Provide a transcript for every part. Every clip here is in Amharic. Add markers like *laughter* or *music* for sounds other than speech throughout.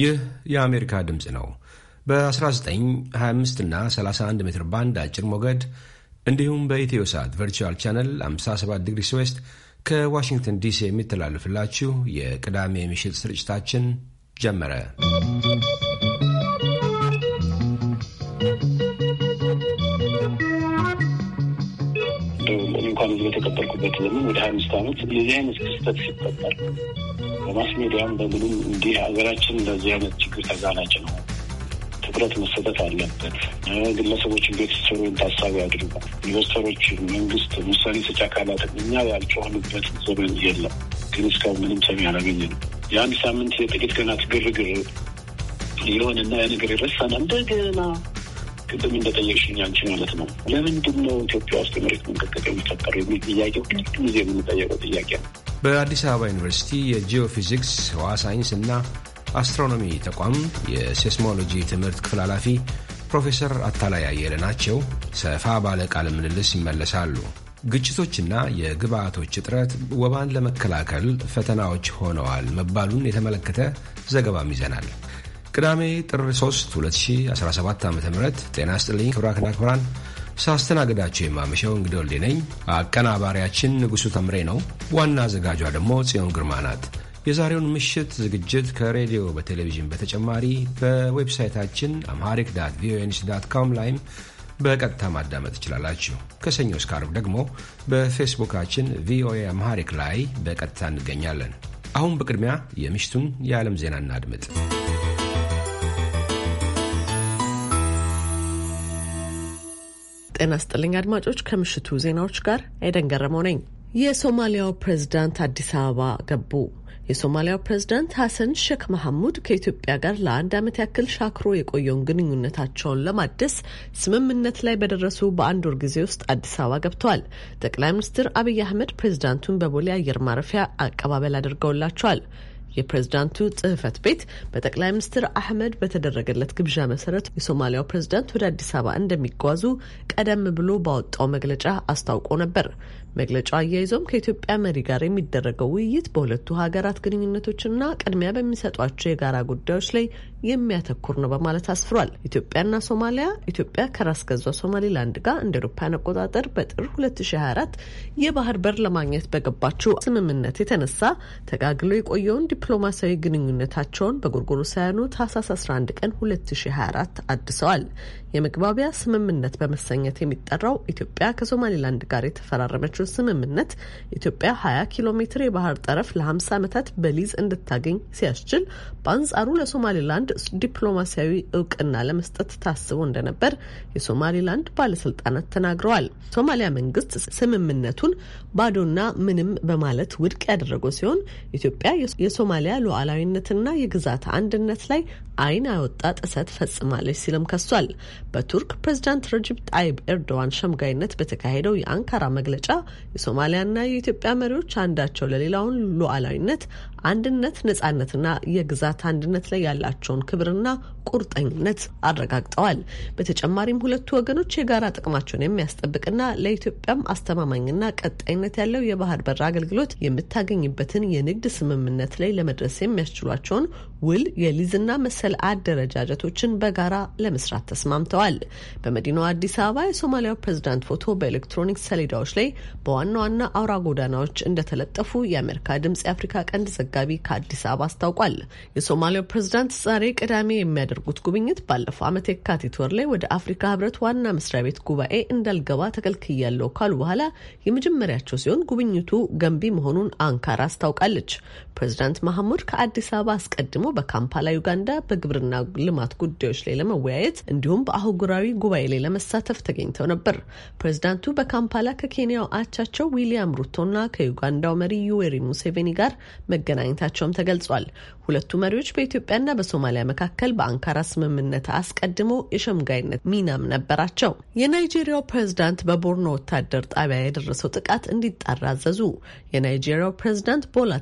ይህ የአሜሪካ ድምፅ ነው። በ19፣ 25 እና 31 ሜትር ባንድ አጭር ሞገድ እንዲሁም በኢትዮ ሳት ቨርቹዋል ቻነል 57 ዲግሪ ስዌስት ከዋሽንግተን ዲሲ የሚተላልፍላችሁ የቅዳሜ ምሽት ስርጭታችን ጀመረ። እንኳን እዚህ በተቀበልኩበት ዘመን ወደ 25 ዓመት የዚህ አይነት ክስተት ሲፈጠር በማስ ሚዲያም በምንም እንዲህ ሀገራችን ለዚህ አይነት ችግር ተጋላጭ ነው። ትኩረት መሰጠት አለበት። ግለሰቦች ኢንቨስተሮን ታሳቢ አድርጉ። ኢንቨስተሮች፣ መንግስት፣ ውሳኔ ሰጪ አካላት እኛ ያልጮህንበት ዘመን የለም፣ ግን እስካሁን ምንም ሰሚ አላገኘንም። የአንድ ሳምንት የጥቂት ቀናት ግርግር የሆነና ያ ነገር ይረሳና እንደገና ቅድም እንደጠየቅሽኝ አንቺ ማለት ነው ለምንድን ነው ኢትዮጵያ ውስጥ የመሬት መንቀጥቀጥ የሚፈጠረው የሚል ጥያቄ ሁል ጊዜ የምንጠየቀው ጥያቄ ነው። በአዲስ አበባ ዩኒቨርሲቲ የጂኦፊዚክስ ህዋ ሳይንስ እና አስትሮኖሚ ተቋም የሴስሞሎጂ ትምህርት ክፍል ኃላፊ ፕሮፌሰር አታላይ አየለ ናቸው። ሰፋ ባለ ቃለ ምልልስ ይመለሳሉ። ግጭቶችና የግብአቶች እጥረት ወባን ለመከላከል ፈተናዎች ሆነዋል መባሉን የተመለከተ ዘገባም ይዘናል። ቅዳሜ ጥር 3 2017 ዓ ም ጤና ስጥልኝ ክቡራትና ክቡራን ሳስተናግዳቸው የማመሸው እንግዲ ወልዴ ነኝ። አቀናባሪያችን ንጉሡ ተምሬ ነው። ዋና አዘጋጇ ደግሞ ጽዮን ግርማ ናት። የዛሬውን ምሽት ዝግጅት ከሬዲዮ በቴሌቪዥን በተጨማሪ በዌብሳይታችን አምሃሪክ ዳት ቪኦኤ ኒውስ ዳት ካም ላይም በቀጥታ ማዳመጥ ትችላላችሁ። ከሰኞ እስከ አርብ ደግሞ በፌስቡካችን ቪኦኤ አምሃሪክ ላይ በቀጥታ እንገኛለን። አሁን በቅድሚያ የምሽቱን የዓለም ዜና እናድምጥ። ጤና ስጥልኝ አድማጮች፣ ከምሽቱ ዜናዎች ጋር አይደን ገረመው ነኝ። የሶማሊያው ፕሬዝዳንት አዲስ አበባ ገቡ። የሶማሊያው ፕሬዝዳንት ሐሰን ሼክ መሐሙድ ከኢትዮጵያ ጋር ለአንድ ዓመት ያክል ሻክሮ የቆየውን ግንኙነታቸውን ለማደስ ስምምነት ላይ በደረሱ በአንድ ወር ጊዜ ውስጥ አዲስ አበባ ገብተዋል። ጠቅላይ ሚኒስትር አብይ አህመድ ፕሬዝዳንቱን በቦሌ አየር ማረፊያ አቀባበል አድርገውላቸዋል። የፕሬዝዳንቱ ጽህፈት ቤት በጠቅላይ ሚኒስትር አህመድ በተደረገለት ግብዣ መሰረት የሶማሊያው ፕሬዝዳንት ወደ አዲስ አበባ እንደሚጓዙ ቀደም ብሎ ባወጣው መግለጫ አስታውቆ ነበር። መግለጫው አያይዞም ከኢትዮጵያ መሪ ጋር የሚደረገው ውይይት በሁለቱ ሀገራት ግንኙነቶችና ቅድሚያ በሚሰጧቸው የጋራ ጉዳዮች ላይ የሚያተኩር ነው በማለት አስፍሯል። ኢትዮጵያና ሶማሊያ ኢትዮጵያ ከራስ ገዟ ሶማሌላንድ ጋር እንደ አውሮፓውያን አቆጣጠር በጥር 2024 የባህር በር ለማግኘት በገባቸው ስምምነት የተነሳ ተጋግሎ የቆየውን ዲፕሎማሲያዊ ግንኙነታቸውን በጎርጎሮሳውያኑ ታህሳስ 11 ቀን 2024 አድሰዋል። የመግባቢያ ስምምነት በመሰኘት የሚጠራው ኢትዮጵያ ከሶማሌላንድ ጋር የተፈራረመችው ስምምነት ኢትዮጵያ 20 ኪሎ ሜትር የባህር ጠረፍ ለ50 ዓመታት በሊዝ እንድታገኝ ሲያስችል፣ በአንጻሩ ለሶማሌላንድ ዲፕሎማሲያዊ እውቅና ለመስጠት ታስቦ እንደነበር የሶማሌላንድ ባለስልጣናት ተናግረዋል። ሶማሊያ መንግስት ስምምነቱን ባዶና ምንም በማለት ውድቅ ያደረገው ሲሆን ኢትዮጵያ የሶማሊያ ሉዓላዊነትና የግዛት አንድነት ላይ አይን ያወጣ ጥሰት ፈጽማለች ሲልም ከሷል። በቱርክ ፕሬዚዳንት ረጅብ ጣይብ ኤርዶዋን ሸምጋይነት በተካሄደው የአንካራ መግለጫ የሶማሊያና የኢትዮጵያ መሪዎች አንዳቸው ለሌላውን ሉዓላዊነት አንድነት፣ ነጻነትና የግዛት አንድነት ላይ ያላቸውን ክብርና ቁርጠኝነት አረጋግጠዋል። በተጨማሪም ሁለቱ ወገኖች የጋራ ጥቅማቸውን የሚያስጠብቅና ለኢትዮጵያም አስተማማኝና ቀጣይነት ያለው የባህር በር አገልግሎት የምታገኝበትን የንግድ ስምምነት ላይ ለመድረስ የሚያስችሏቸውን ውል፣ የሊዝና መሰል አደረጃጀቶችን በጋራ ለመስራት ተስማምተዋል። በመዲናዋ አዲስ አበባ የሶማሊያው ፕሬዚዳንት ፎቶ በኤሌክትሮኒክስ ሰሌዳዎች ላይ በዋና ዋና አውራ ጎዳናዎች እንደተለጠፉ የአሜሪካ ድምጽ የአፍሪካ ቀንድ ዘ ዘጋቢ ከአዲስ አበባ አስታውቋል። የሶማሊያው ፕሬዝዳንት ዛሬ ቅዳሜ የሚያደርጉት ጉብኝት ባለፈው ዓመት የካቲት ወር ላይ ወደ አፍሪካ ህብረት ዋና መስሪያ ቤት ጉባኤ እንዳልገባ ተከልክያለሁ ካሉ በኋላ የመጀመሪያቸው ሲሆን ጉብኝቱ ገንቢ መሆኑን አንካራ አስታውቃለች። ፕሬዚዳንት ማሐሙድ ከአዲስ አበባ አስቀድሞ በካምፓላ ዩጋንዳ በግብርና ልማት ጉዳዮች ላይ ለመወያየት እንዲሁም በአህጉራዊ ጉባኤ ላይ ለመሳተፍ ተገኝተው ነበር። ፕሬዚዳንቱ በካምፓላ ከኬንያው አቻቸው ዊሊያም ሩቶና ከዩጋንዳው መሪ ዩዌሪ ሙሴቬኒ ጋር መገናኘ መገናኘታቸውም ተገልጿል። ሁለቱ መሪዎች በኢትዮጵያና በሶማሊያ መካከል በአንካራ ስምምነት አስቀድሞ የሸምጋይነት ሚናም ነበራቸው። የናይጄሪያው ፕሬዝዳንት በቦርኖ ወታደር ጣቢያ የደረሰው ጥቃት እንዲጣራ አዘዙ። የናይጄሪያው ፕሬዝዳንት ቦላ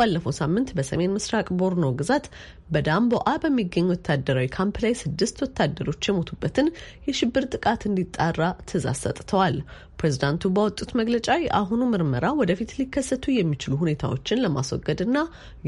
ባለፈው ሳምንት በሰሜን ምስራቅ ቦርኖ ግዛት በዳምቦአ በሚገኝ ወታደራዊ ካምፕ ላይ ስድስት ወታደሮች የሞቱበትን የሽብር ጥቃት እንዲጣራ ትዕዛዝ ሰጥተዋል። ፕሬዚዳንቱ ባወጡት መግለጫ የአሁኑ ምርመራ ወደፊት ሊከሰቱ የሚችሉ ሁኔታዎችን ለማስወገድና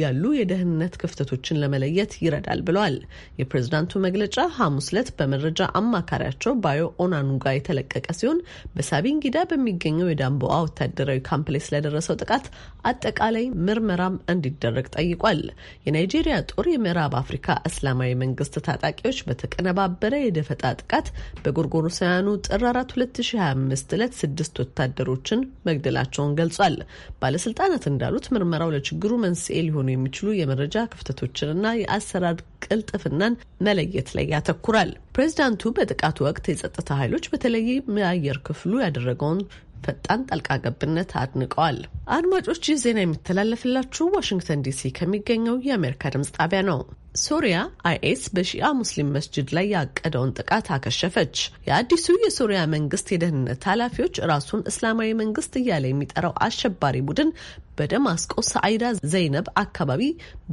ያሉ የደህንነት ክፍተቶችን ለመለየት ይረዳል ብለዋል። የፕሬዚዳንቱ መግለጫ ሐሙስ ዕለት በመረጃ አማካሪያቸው ባዮ ኦናኑጋ የተለቀቀ ሲሆን በሳቢንጊዳ በሚገኘው የዳምቦአ ወታደራዊ ካምፕ ላይ ስለደረሰው ጥቃት አጠቃላይ ምርመራም እንዲደረግ ጠይቋል። የናይጄሪያ ጦር ምዕራብ አፍሪካ እስላማዊ መንግስት ታጣቂዎች በተቀነባበረ የደፈጣ ጥቃት በጎርጎሮሳውያኑ ጥር 4 2025 ዕለት ስድስት ወታደሮችን መግደላቸውን ገልጿል። ባለስልጣናት እንዳሉት ምርመራው ለችግሩ መንስኤ ሊሆኑ የሚችሉ የመረጃ ክፍተቶችንና የአሰራር ቅልጥፍናን መለየት ላይ ያተኩራል። ፕሬዚዳንቱ በጥቃቱ ወቅት የጸጥታ ኃይሎች በተለይ የአየር ክፍሉ ያደረገውን ፈጣን ጣልቃ ገብነት አድንቀዋል። አድማጮች ይህ ዜና የሚተላለፍላችሁ ዋሽንግተን ዲሲ ከሚገኘው የአሜሪካ ድምጽ ጣቢያ ነው። ሶሪያ አይኤስ በሺአ ሙስሊም መስጅድ ላይ ያቀደውን ጥቃት አከሸፈች። የአዲሱ የሶሪያ መንግስት የደህንነት ኃላፊዎች ራሱን እስላማዊ መንግስት እያለ የሚጠራው አሸባሪ ቡድን በደማስቆ ሰአይዳ ዘይነብ አካባቢ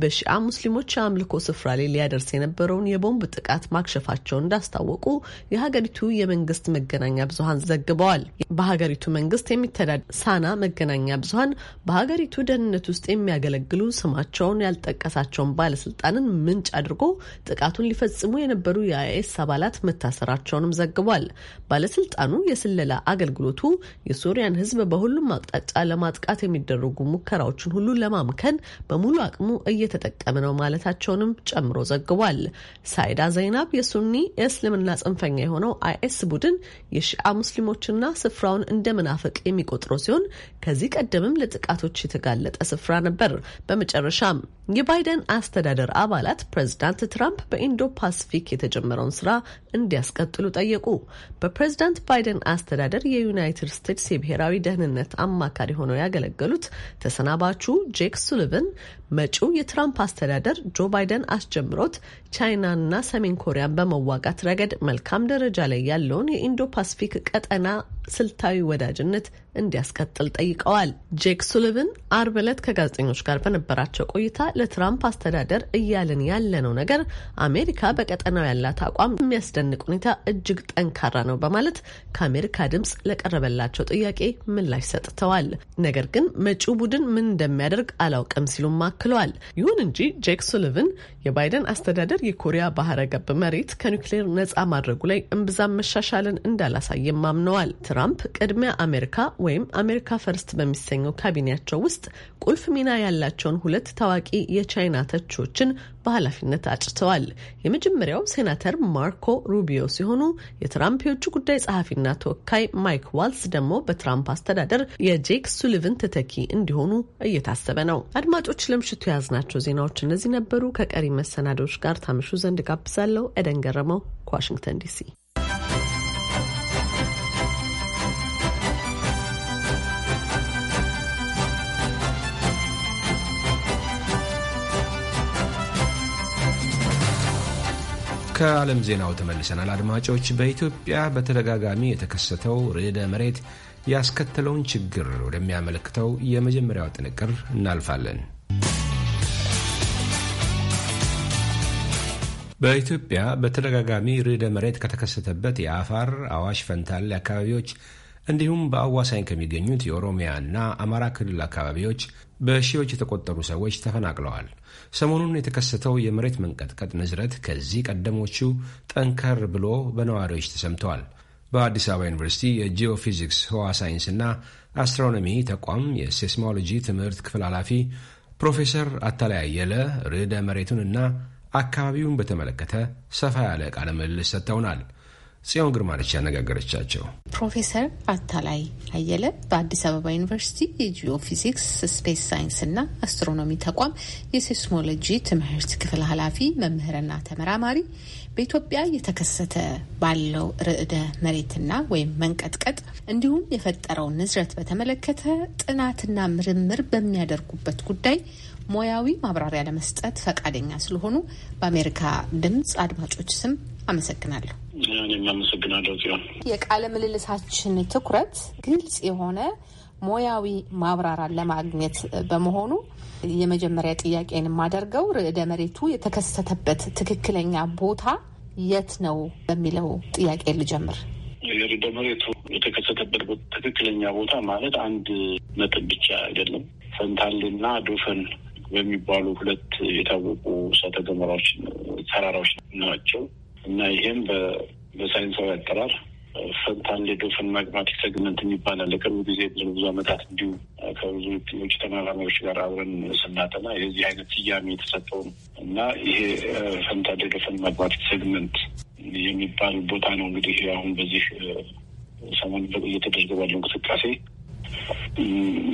በሺአ ሙስሊሞች የአምልኮ ስፍራ ላይ ሊያደርስ የነበረውን የቦምብ ጥቃት ማክሸፋቸውን እንዳስታወቁ የሀገሪቱ የመንግስት መገናኛ ብዙሀን ዘግበዋል። በሀገሪቱ መንግስት የሚተዳድ ሳና መገናኛ ብዙሀን በሀገሪቱ ደህንነት ውስጥ የሚያገለግሉ ስማቸውን ያልጠቀሳቸውን ባለስልጣንን ምንጭ አድርጎ ጥቃቱን ሊፈጽሙ የነበሩ የአይኤስ አባላት መታሰራቸውንም ዘግቧል። ባለስልጣኑ የስለላ አገልግሎቱ የሶሪያን ሕዝብ በሁሉም አቅጣጫ ለማጥቃት የሚደረጉ ሙከራዎችን ሁሉ ለማምከን በሙሉ አቅሙ እየተጠቀመ ነው ማለታቸውንም ጨምሮ ዘግቧል። ሳይዳ ዘይናብ የሱኒ የእስልምና ጽንፈኛ የሆነው አይኤስ ቡድን የሺአ ሙስሊሞችና ስፍራውን እንደ መናፍቅ የሚቆጥረው ሲሆን ከዚህ ቀደምም ለጥቃቶች የተጋለጠ ስፍራ ነበር። በመጨረሻም የባይደን አስተዳደር አባላት ሀገራት ፕሬዝዳንት ትራምፕ በኢንዶ ፓስፊክ የተጀመረውን ስራ እንዲያስቀጥሉ ጠየቁ። በፕሬዝዳንት ባይደን አስተዳደር የዩናይትድ ስቴትስ የብሔራዊ ደህንነት አማካሪ ሆነው ያገለገሉት ተሰናባቹ ጄክ ሱሊቨን መጪው የትራምፕ አስተዳደር ጆ ባይደን አስጀምሮት ቻይናና ሰሜን ኮሪያን በመዋጋት ረገድ መልካም ደረጃ ላይ ያለውን የኢንዶ ፓሲፊክ ቀጠና ስልታዊ ወዳጅነት እንዲያስቀጥል ጠይቀዋል። ጄክ ሱሊቭን አርብ ዕለት ከጋዜጠኞች ጋር በነበራቸው ቆይታ ለትራምፕ አስተዳደር እያልን ያለነው ነገር አሜሪካ በቀጠናው ያላት አቋም የሚያስደንቅ ሁኔታ እጅግ ጠንካራ ነው በማለት ከአሜሪካ ድምፅ ለቀረበላቸው ጥያቄ ምላሽ ሰጥተዋል። ነገር ግን መጪው ቡድን ምን እንደሚያደርግ አላውቅም ሲሉም አክለዋል። ይሁን እንጂ ጄክ ሱሊቭን የባይደን አስተዳደር የኮሪያ ባህረ ገብ መሬት ከኒውክሌር ነጻ ማድረጉ ላይ እምብዛም መሻሻልን እንዳላሳየም አምነዋል። ትራምፕ ቅድሚያ አሜሪካ ወይም አሜሪካ ፈርስት በሚሰኘው ካቢኔያቸው ውስጥ ቁልፍ ሚና ያላቸውን ሁለት ታዋቂ የቻይና ተቾችን በኃላፊነት አጭተዋል። የመጀመሪያው ሴናተር ማርኮ ሩቢዮ ሲሆኑ የትራምፕ የውጭ ጉዳይ ጸሐፊና ተወካይ ማይክ ዋልስ ደግሞ በትራምፕ አስተዳደር የጄክ ሱሊቨን ተተኪ እንዲሆኑ እየታሰበ ነው። አድማጮች፣ ለምሽቱ የያዝናቸው ዜናዎች እነዚህ ነበሩ። ከቀሪ መሰናዶዎች ጋር ታምሹ ዘንድ ጋብዛለሁ። ኤደን ገረመው ከዋሽንግተን ዲሲ ከዓለም ዜናው ተመልሰናል አድማጮች። በኢትዮጵያ በተደጋጋሚ የተከሰተው ርዕደ መሬት ያስከተለውን ችግር ወደሚያመለክተው የመጀመሪያው ጥንቅር እናልፋለን። በኢትዮጵያ በተደጋጋሚ ርዕደ መሬት ከተከሰተበት የአፋር አዋሽ፣ ፈንታሌ አካባቢዎች እንዲሁም በአዋሳኝ ከሚገኙት የኦሮሚያ እና አማራ ክልል አካባቢዎች በሺዎች የተቆጠሩ ሰዎች ተፈናቅለዋል። ሰሞኑን የተከሰተው የመሬት መንቀጥቀጥ ንዝረት ከዚህ ቀደሞቹ ጠንከር ብሎ በነዋሪዎች ተሰምተዋል። በአዲስ አበባ ዩኒቨርሲቲ የጂኦፊዚክስ፣ ህዋ ህዋ ሳይንስና አስትሮኖሚ ተቋም የሴስሞሎጂ ትምህርት ክፍል ኃላፊ ፕሮፌሰር አታላይ አየለ ርዕደ መሬቱንና አካባቢውን በተመለከተ ሰፋ ያለ ቃለ ምልልስ ሰጥተውናል። ጽዮን ግርማለች ያነጋገረቻቸው። ፕሮፌሰር አታላይ አየለ በአዲስ አበባ ዩኒቨርሲቲ የጂኦ ፊዚክስ ስፔስ እና አስትሮኖሚ ተቋም የሴስሞሎጂ ትምህርት ክፍል ኃላፊ መምህርና ተመራማሪ በኢትዮጵያ እየተከሰተ ባለው ርዕደ መሬትና ወይም መንቀጥቀጥ እንዲሁም የፈጠረውን ንዝረት በተመለከተ ጥናትና ምርምር በሚያደርጉበት ጉዳይ ሙያዊ ማብራሪያ ለመስጠት ፈቃደኛ ስለሆኑ በአሜሪካ ድምፅ አድማጮች ስም አመሰግናለሁ። እኔም አመሰግናለሁ ጽዮን። የቃለ ምልልሳችን ትኩረት ግልጽ የሆነ ሙያዊ ማብራሪያ ለማግኘት በመሆኑ የመጀመሪያ ጥያቄን የማደርገው ርዕደ መሬቱ የተከሰተበት ትክክለኛ ቦታ የት ነው በሚለው ጥያቄ ልጀምር። የርዕደ መሬቱ የተከሰተበት ትክክለኛ ቦታ ማለት አንድ ነጥብ ብቻ አይደለም። ፈንታሌና ዶፈን በሚባሉ ሁለት የታወቁ እሳተ ገሞራዎች ተራራዎች ናቸው እና ይሄም በሳይንሳዊ አጠራር ፈንታን ሌዶፍን ማግማቲክ ሰግመንት የሚባል አለ። ቅርብ ጊዜ ብዙ ብዙ ዓመታት እንዲሁ ከብዙ ውጭ ተመራማሪዎች ጋር አብረን ስናጠና የዚህ አይነት ስያሜ የተሰጠው ነው እና ይሄ ፈንታን ሌዶፍን ማግማቲክ ሰግመንት የሚባል ቦታ ነው። እንግዲህ አሁን በዚህ ሰሞን እየተደረገ ባለው እንቅስቃሴ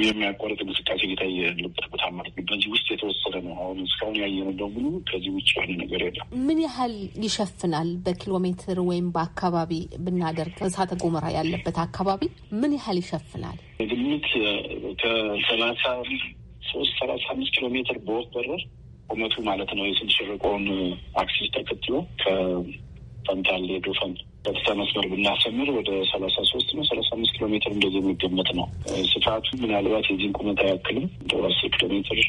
የሚያቋርጥ እንቅስቃሴ ሊታይ ያለበት ቦታ ማለት ነው። በዚህ ውስጥ የተወሰነ ነው። አሁን እስካሁን ያየነው በሙሉ ከዚህ ውጭ የሆነ ነገር የለም። ምን ያህል ይሸፍናል? በኪሎ ሜትር ወይም በአካባቢ ብናደርግ እሳተ ገሞራ ያለበት አካባቢ ምን ያህል ይሸፍናል? ግምት ከሰላሳ ሶስት ሰላሳ አምስት ኪሎ ሜትር በወፍ በረር ቁመቱ ማለት ነው የስንት አክሲስ ተከትሎ ከፈንታሌ ዶፈን በፍታ መስመር ብናሰምር ወደ ሰላሳ ሶስት ነው ሰላሳ አምስት ኪሎ ሜትር እንደዚህ የሚገመት ነው። ስፋቱ ምናልባት የዚህን ቁመት አያክልም። እንደ አስር ኪሎ ሜትር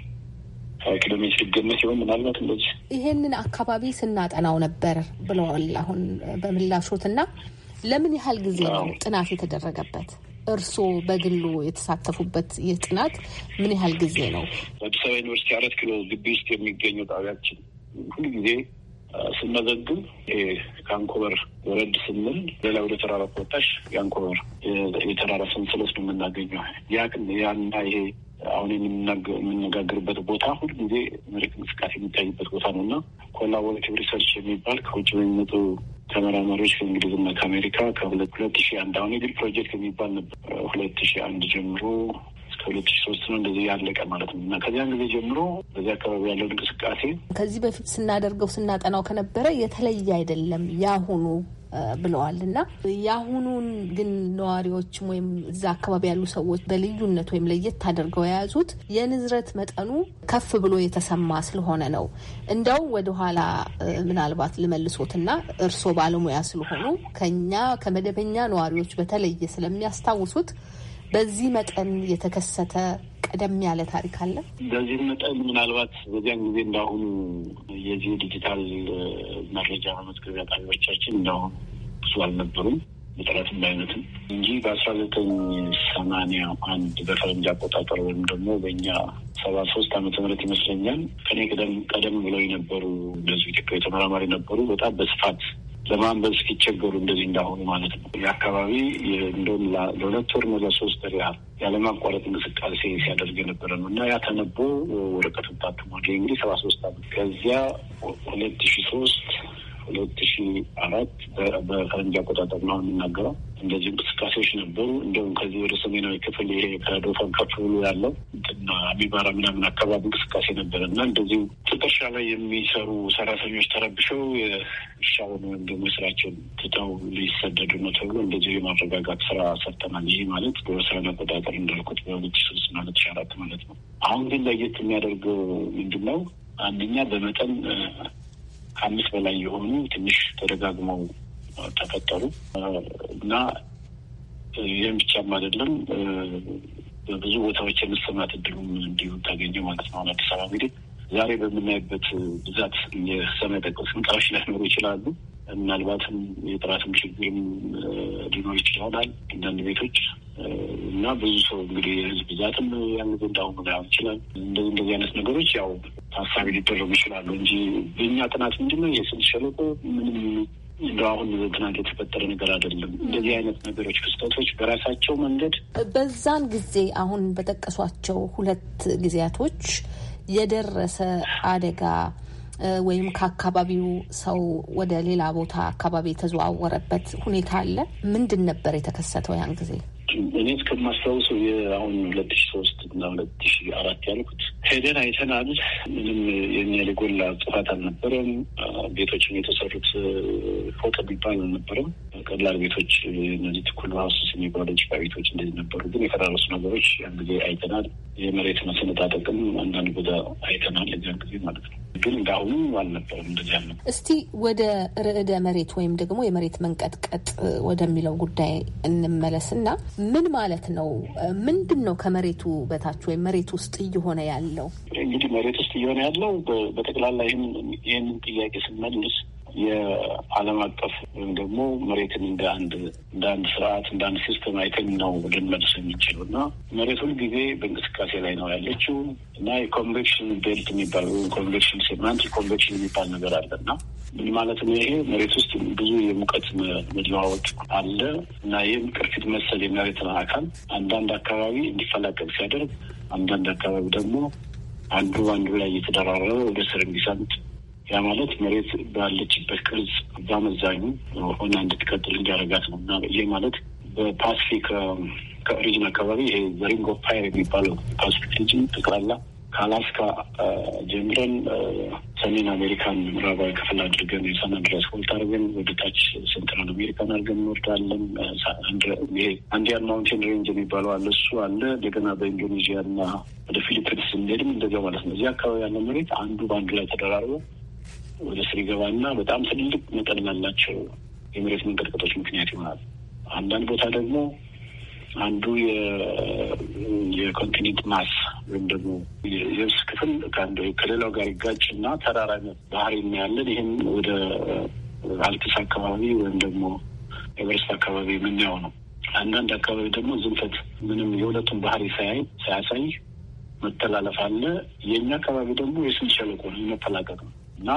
ሀያ ኪሎ ሜትር ይገመት ይሆን ምናልባት እንደዚህ። ይሄንን አካባቢ ስናጠናው ነበር ብለዋል አሁን በምላሾት እና ለምን ያህል ጊዜ ነው ጥናት የተደረገበት? እርስዎ በግሉ የተሳተፉበት ይህ ጥናት ምን ያህል ጊዜ ነው? በአዲስ አበባ ዩኒቨርሲቲ አራት ኪሎ ግቢ ውስጥ የሚገኘው ጣቢያችን ሁሉ ጊዜ ስመዘግብ ይሄ ከአንኮበር ወረድ ስንል ሌላ ወደ ተራራ ከወጣሽ የአንኮበር የተራራ ሰንሰለት ነው የምናገኘው። ያቅን ያና ይሄ አሁን የምንነጋገርበት ቦታ ሁልጊዜ መሬት እንቅስቃሴ የሚታይበት ቦታ ነው እና ኮላቦሬቲቭ ሪሰርች የሚባል ከውጭ በሚመጡ ተመራማሪዎች ከእንግሊዝና ከአሜሪካ ከሁለት ሁለት ሺ አንድ አሁን የግል ፕሮጀክት የሚባል ነበር ሁለት ሺ አንድ ጀምሮ ሁለት ሺ ሶስት ነው እንደዚህ ያለቀ ማለት ነው። እና ከዚያን ጊዜ ጀምሮ በዚህ አካባቢ ያለው እንቅስቃሴ ከዚህ በፊት ስናደርገው ስናጠናው ከነበረ የተለየ አይደለም ያሁኑ ብለዋል እና የአሁኑን ግን ነዋሪዎችም ወይም እዛ አካባቢ ያሉ ሰዎች በልዩነት ወይም ለየት አድርገው የያዙት የንዝረት መጠኑ ከፍ ብሎ የተሰማ ስለሆነ ነው። እንደው ወደኋላ ምናልባት ልመልሶትና እርስዎ ባለሙያ ስለሆኑ ከኛ ከመደበኛ ነዋሪዎች በተለየ ስለሚያስታውሱት በዚህ መጠን የተከሰተ ቀደም ያለ ታሪክ አለ። በዚህ መጠን ምናልባት በዚያን ጊዜ እንዳሁኑ የዚህ ዲጂታል መረጃ መመዝገቢያ ጣቢያዎቻችን እንዳሁኑ ብዙ አልነበሩም በጥረትም አይነትም እንጂ በአስራ ዘጠኝ ሰማንያ አንድ በፈረንጅ አቆጣጠር ወይም ደግሞ በእኛ ሰባ ሶስት ዓመተ ምህረት ይመስለኛል ከኔ ቀደም ቀደም ብለው የነበሩ እንደዚሁ ኢትዮጵያ ተመራማሪ ነበሩ። በጣም በስፋት ለማንበብ እስኪቸገሩ እንደዚህ እንዳሁኑ ማለት ነው። የአካባቢ እንደውም ለሁለት ወር ነው ለሶስት ወር ያህል ያለማቋረጥ እንቅስቃሴ ሲያደርግ የነበረ ነው እና ያ ተነቦ ወረቀቱ ታትሟል። እንግዲህ ሰባ ሶስት አመት ከዚያ ሁለት ሺ ሶስት ሁለት ሺ አራት በፈረንጅ አቆጣጠር ነው የምናገረው። እንደዚህ እንቅስቃሴዎች ነበሩ። እንደውም ከዚህ ወደ ሰሜናዊ ክፍል ይሄ ከዶፈን ከፍ ብሎ ያለው አሚባራ ምናምን አካባቢ እንቅስቃሴ ነበር እና እንደዚሁ ትከሻ ላይ የሚሰሩ ሰራተኞች ተረብሸው እርሻውን ወይም ደግሞ ስራቸውን ትተው ሊሰደዱ ነው ተብሎ እንደዚሁ የማረጋጋት ስራ ሰርተናል። ይህ ማለት በወሰን አቆጣጠር እንዳልኩት በሁለት ሺ ሶስት ሁለት ሺ አራት ማለት ነው። አሁን ግን ለየት የሚያደርገው ምንድን ነው? አንደኛ በመጠን ከአምስት በላይ የሆኑ ትንሽ ተደጋግመው ተፈጠሩ እና ይህም ብቻም አይደለም በብዙ ቦታዎች የመሰማት እድሉም እንዲሁ ታገኘ ማለት ነው። አዲስ አበባ እንግዲህ ዛሬ በምናይበት ብዛት የሰማይ ጠቀስ ህንፃዎች ላይኖሩ ይችላሉ። ምናልባትም የጥራትም ችግርም ሊኖር ይችላል አንዳንድ ቤቶች እና ብዙ ሰው እንግዲህ የህዝብ ብዛትም ያን ጊዜ እንዳሁኑ ላይሆን ይችላል። እንደዚህ እንደዚህ አይነት ነገሮች ያው ታሳቢ ሊደረጉ ይችላሉ እንጂ በእኛ ጥናት ምንድነው የስንት ሸለቆ ምንም እንደ አሁን ትናንት የተፈጠረ ነገር አይደለም። እንደዚህ አይነት ነገሮች ክስተቶች በራሳቸው መንገድ በዛን ጊዜ አሁን በጠቀሷቸው ሁለት ጊዜያቶች የደረሰ አደጋ ወይም ከአካባቢው ሰው ወደ ሌላ ቦታ አካባቢ የተዘዋወረበት ሁኔታ አለ? ምንድን ነበር የተከሰተው ያን ጊዜ? እኔ እስከማስታውሰው የአሁን ሁለት ሺ ሶስት እና ሁለት ሺ አራት ያልኩት ሄደን አይተናል። ምንም የሚያል የጎላ ጥፋት አልነበረም። ቤቶችን የተሰሩት ፎቅ የሚባል አልነበረም። ቀላል ቤቶች እነዚህ ትኩል ሀውስስ የሚባሉ ጭቃ ቤቶች እንደዚህ ነበሩ። ግን የፈራረሱ ነገሮች ያን ጊዜ አይተናል። የመሬት መሰነጣጠቅም አንዳንድ ቦታ አይተናል። ያን ጊዜ ማለት ነው። ግን እንዳሁኑ አልነበረም እንደዚህ ያለ። እስቲ ወደ ርዕደ መሬት ወይም ደግሞ የመሬት መንቀጥቀጥ ወደሚለው ጉዳይ እንመለስና ምን ማለት ነው? ምንድን ነው ከመሬቱ በታች ወይም መሬት ውስጥ እየሆነ ያለው? እንግዲህ መሬት ውስጥ እየሆነ ያለው በጠቅላላ ይህንን ጥያቄ ስንመልስ የዓለም አቀፍ ወይም ደግሞ መሬትን እንደ አንድ እንደ አንድ ስርዓት እንደ አንድ ሲስተም አይተን ነው ልንመልስ የሚችሉ እና መሬት ሁልጊዜ በእንቅስቃሴ ላይ ነው ያለችው እና የኮንቬክሽን ቤልት የሚባል ወይም ኮንቬክሽን ሴማንት ኮንቬክሽን የሚባል ነገር አለ እና ምን ማለት ነው? ይሄ መሬት ውስጥ ብዙ የሙቀት መለዋወጥ አለ እና ይህም ቅርፊት መሰል የመሬትን አካል አንዳንድ አካባቢ እንዲፈላቀቅ ሲያደርግ፣ አንዳንድ አካባቢ ደግሞ አንዱ አንዱ ላይ እየተደራረበ ወደ ስር እንዲሰምጥ ያ ማለት መሬት ባለችበት ቅርጽ በአመዛኙ ሆና እንድትቀጥል እንዲያደርጋት ነው እና ይሄ ማለት በፓስፊክ ከኦሪጅን አካባቢ ይሄ ዘሪንግ ኦፍ ፋየር የሚባለው ፓስፊክ ሪጅን ጠቅላላ ከአላስካ ጀምረን ሰሜን አሜሪካን ምዕራባዊ ክፍል አድርገን የሳን አንድሪያስ ፎልት አድርገን ወደ ታች ሴንትራል አሜሪካን አድርገን እንወርዳለን። ይሄ አንዲያን ማውንቴን ሬንጅ የሚባለው አለ፣ እሱ አለ። እንደገና በኢንዶኔዥያ እና ወደ ፊሊፒንስ ስንሄድም እንደዚያው ማለት ነው። እዚህ አካባቢ ያለ መሬት አንዱ በአንዱ ላይ ተደራርበው ወደ ስር ይገባና በጣም ትልቅ መጠን ላላቸው የመሬት መንቀጥቀጦች ምክንያት ይሆናል። አንዳንድ ቦታ ደግሞ አንዱ የኮንቲኔንት ማስ ወይም ደግሞ የብስ ክፍል ከአንዱ ከሌላው ጋር ይጋጭ እና ተራራ ባህር ባህሪ እናያለን። ይህም ወደ አልፕስ አካባቢ ወይም ደግሞ ኤቨረስት አካባቢ የምናየው ነው። አንዳንድ አካባቢ ደግሞ ዝንፈት ምንም የሁለቱን ባህሪ ሳያይ ሳያሳይ መተላለፍ አለ። የእኛ አካባቢ ደግሞ የስምጥ ሸለቆ ነው፣ የመፈላቀቅ ነው። እና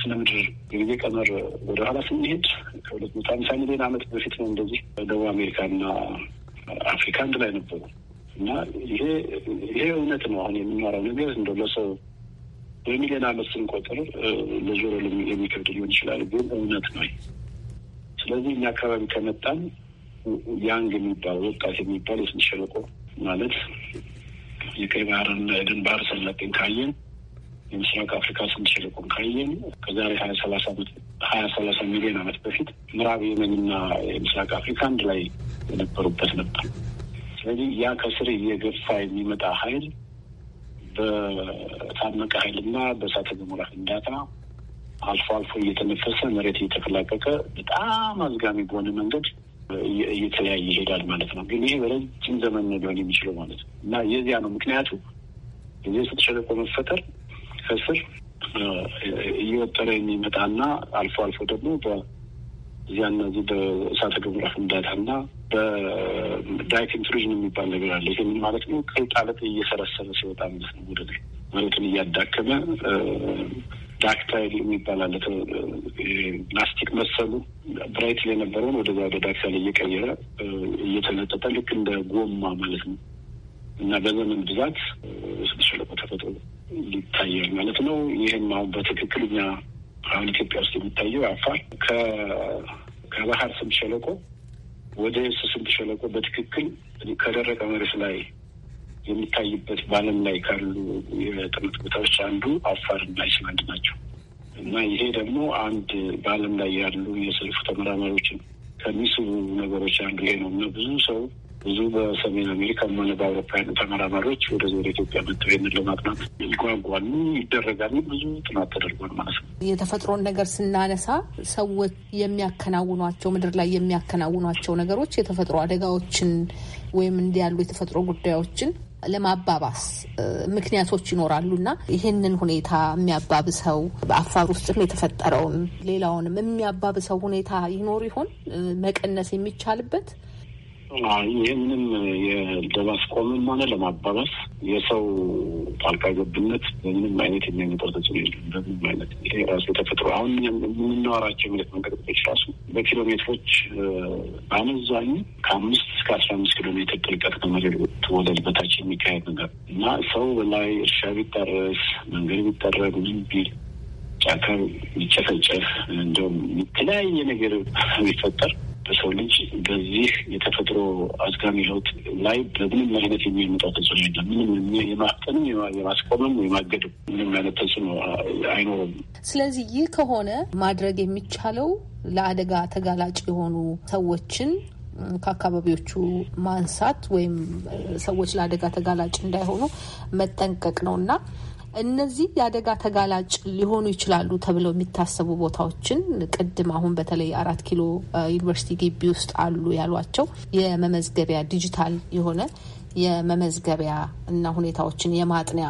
ስነ ምድር የጊዜ ቀመር ወደኋላ ስንሄድ ከሁለት መቶ አምሳ ሚሊዮን ዓመት በፊት ነው እንደዚህ ደቡብ አሜሪካና አፍሪካ አንድ ላይ ነበሩ እና ይሄ ይሄ እውነት ነው። አሁን የምናወራው ነገር እንደ ለሰው በሚሊዮን ዓመት ስንቆጥር ለጆሮ የሚከብድ ሊሆን ይችላል፣ ግን እውነት ነው። ስለዚህ እኛ አካባቢ ከመጣን ያንግ የሚባል ወጣት የሚባል የስንት ሸለቆ ማለት የቀይ ባህርና የደን ባህር ሰላጤን ካየን የምስራቅ አፍሪካ ስንት ሸለቆን ካየን ከዛሬ ሀያ ሰላሳ ሀያ ሰላሳ ሚሊዮን አመት በፊት ምዕራብ የመንና የምስራቅ አፍሪካ አንድ ላይ የነበሩበት ነበር። ስለዚህ ያ ከስር እየገፋ የሚመጣ ኃይል በታመቀ ኃይልና በእሳተ ገሞራ ፍንዳታ አልፎ አልፎ እየተነፈሰ መሬት እየተፈላቀቀ በጣም አዝጋሚ በሆነ መንገድ እየተለያየ ይሄዳል ማለት ነው። ግን ይሄ በረጅም ዘመን ሊሆን የሚችለው ማለት ነው እና የዚያ ነው ምክንያቱ የዚህ ሸለቆ መፈጠር ትስስር እየወጠረ የሚመጣና አልፎ አልፎ ደግሞ እዚያና እዚህ በእሳተ ገሞራ ፍንዳታና በዳይክ ኢንትሩዥን የሚባል ነገር አለ። ይህ ምን ማለት ነው? ቅልጣለጥ እየሰረሰረ ሲወጣ ማለት ነው። ወደ ላይ መሬትን እያዳከመ ዳክታይል የሚባል አለ። ፕላስቲክ መሰሉ ብራይትል የነበረውን ወደዛ ወደ ዳክታይል እየቀየረ እየተነጠጠ ልክ እንደ ጎማ ማለት ነው እና በዘመን ብዛት ሸለቆ ተፈጥሮ ይታያል ማለት ነው። ይህም አሁን በትክክልኛ አሁን ኢትዮጵያ ውስጥ የሚታየው አፋር ከባህር ስምጥ ሸለቆ ወደ የብስ ስምጥ ሸለቆ በትክክል ከደረቀ መሬት ላይ የሚታይበት በዓለም ላይ ካሉ የጥናት ቦታዎች አንዱ አፋር እና አይስላንድ ናቸው እና ይሄ ደግሞ አንድ በዓለም ላይ ያሉ የሰልፉ ተመራማሪዎችን ከሚስቡ ነገሮች አንዱ ይሄ ነው እና ብዙ ሰው ብዙ በሰሜን አሜሪካም ሆነ በአውሮፓውያኑ ተመራማሪዎች ወደ ወደ ኢትዮጵያ መጥተው ይህንን ለማጥናት ይጓጓሉ፣ ይደረጋሉ። ብዙ ጥናት ተደርጓል ማለት ነው። የተፈጥሮን ነገር ስናነሳ ሰዎች የሚያከናውኗቸው ምድር ላይ የሚያከናውኗቸው ነገሮች የተፈጥሮ አደጋዎችን ወይም እንዲህ ያሉ የተፈጥሮ ጉዳዮችን ለማባባስ ምክንያቶች ይኖራሉ እና ይህንን ሁኔታ የሚያባብሰው በአፋር ውስጥም የተፈጠረውን ሌላውንም የሚያባብሰው ሁኔታ ይኖር ይሆን መቀነስ የሚቻልበት ይህ ምንም ለማስቆምም ሆነ ለማባበስ የሰው ጣልቃ ገብነት በምንም አይነት የሚያመጣው ተጽዕኖ የለም። በምንም አይነት ይሄ ራሱ ተፈጥሮ አሁን የምናወራቸው የመሬት መንቀጥቀጦች ራሱ በኪሎ ሜትሮች በአመዛኙ ከአምስት እስከ አስራ አምስት ኪሎ ሜትር ጥልቀት ከመሬት ወለል በታች የሚካሄድ ነገር እና ሰው በላይ እርሻ ቢጠረስ፣ መንገድ ቢጠረግ፣ ምን ቢል ጫካ ቢጨፈጨፍ፣ እንዲሁም የተለያየ ነገር ቢፈጠር በሰው ልጅ በዚህ የተፈጥሮ አዝጋሚ ለውጥ ላይ በምንም አይነት የሚያመጣው ተጽዕኖ የለም። ምንም የማፍጠንም የማስቆምም የማገድም ምንም አይነት ተጽዕኖ አይኖርም። ስለዚህ ይህ ከሆነ ማድረግ የሚቻለው ለአደጋ ተጋላጭ የሆኑ ሰዎችን ከአካባቢዎቹ ማንሳት ወይም ሰዎች ለአደጋ ተጋላጭ እንዳይሆኑ መጠንቀቅ ነው እና እነዚህ የአደጋ ተጋላጭ ሊሆኑ ይችላሉ ተብለው የሚታሰቡ ቦታዎችን ቅድም አሁን በተለይ አራት ኪሎ ዩኒቨርሲቲ ግቢ ውስጥ አሉ ያሏቸው የመመዝገቢያ ዲጂታል የሆነ የመመዝገቢያ እና ሁኔታዎችን የማጥኒያ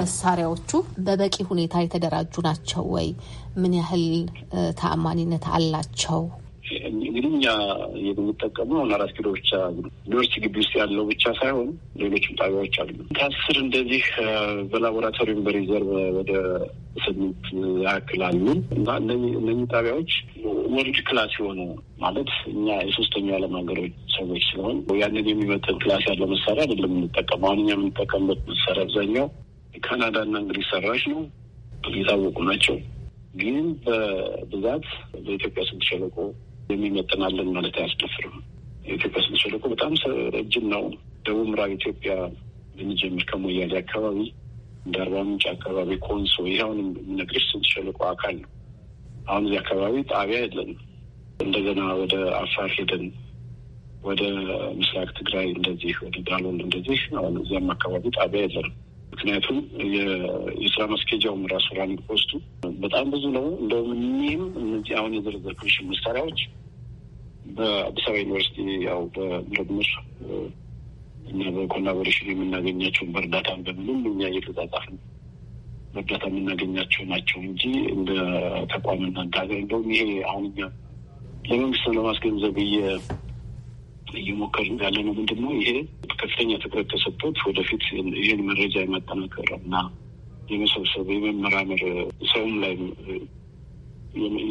መሳሪያዎቹ በበቂ ሁኔታ የተደራጁ ናቸው ወይ? ምን ያህል ተአማኒነት አላቸው እንግዲህ እኛ የምንጠቀመው አሁን አራት ኪሎ ብቻ ዩኒቨርሲቲ ግቢ ውስጥ ያለው ብቻ ሳይሆን ሌሎችም ጣቢያዎች አሉ። ከአስር እንደዚህ በላቦራቶሪም በሪዘርቭ ወደ ስምንት ያክል አሉ እና እነዚህ ጣቢያዎች ወርልድ ክላስ የሆኑ ማለት እኛ የሶስተኛው ዓለም ሀገሮች ሰዎች ስለሆን ያንን የሚመጥን ክላስ ያለው መሳሪያ አይደለም የምንጠቀመው። አሁን እኛ የምንጠቀምበት መሳሪያ አብዛኛው ካናዳና እንግሊዝ ሰራሽ ነው፣ የታወቁ ናቸው። ግን በብዛት በኢትዮጵያ ስንት ሸለቆ የሚመጠናለን ማለት አያስደፍርም። የኢትዮጵያ ስድስት ሸለቆ በጣም ረጅም ነው። ደቡብ ምዕራብ ኢትዮጵያ ብንጀምር ከሞያሌ አካባቢ እንደ አርባ ምንጭ አካባቢ፣ ኮንሶ ይህ አሁን የምነግርሽ ስድስት ሸለቆ አካል ነው። አሁን እዚህ አካባቢ ጣቢያ የለም። እንደገና ወደ አፋር ሄደን ወደ ምስራቅ ትግራይ እንደዚህ ወደ ዳሎል እንደዚህ አሁን እዚያም አካባቢ ጣቢያ የለም። ምክንያቱም የስራ ማስኬጃውም ራሱ ራኒንግ ፖስቱ በጣም ብዙ ነው። እንደውም እኒህም እነዚህ አሁን የዘረዘርኩሽ መሳሪያዎች በአዲስ አበባ ዩኒቨርሲቲ ያው በምረድመሱ እና በኮላቦሬሽን የምናገኛቸውን በእርዳታን በምንም እኛ እየተጻጻፍን በእርዳታ የምናገኛቸው ናቸው እንጂ እንደ ተቋምና እንደ ሀገር እንደውም ይሄ አሁን እኛ ለመንግስት ለማስገንዘብ እየሞከርን ያለ ነው። ምንድን ነው ይሄ ከፍተኛ ትኩረት ተሰጥቶት ወደፊት ይህን መረጃ የማጠናከር እና የመሰብሰብ የመመራመር ሰውም ላይ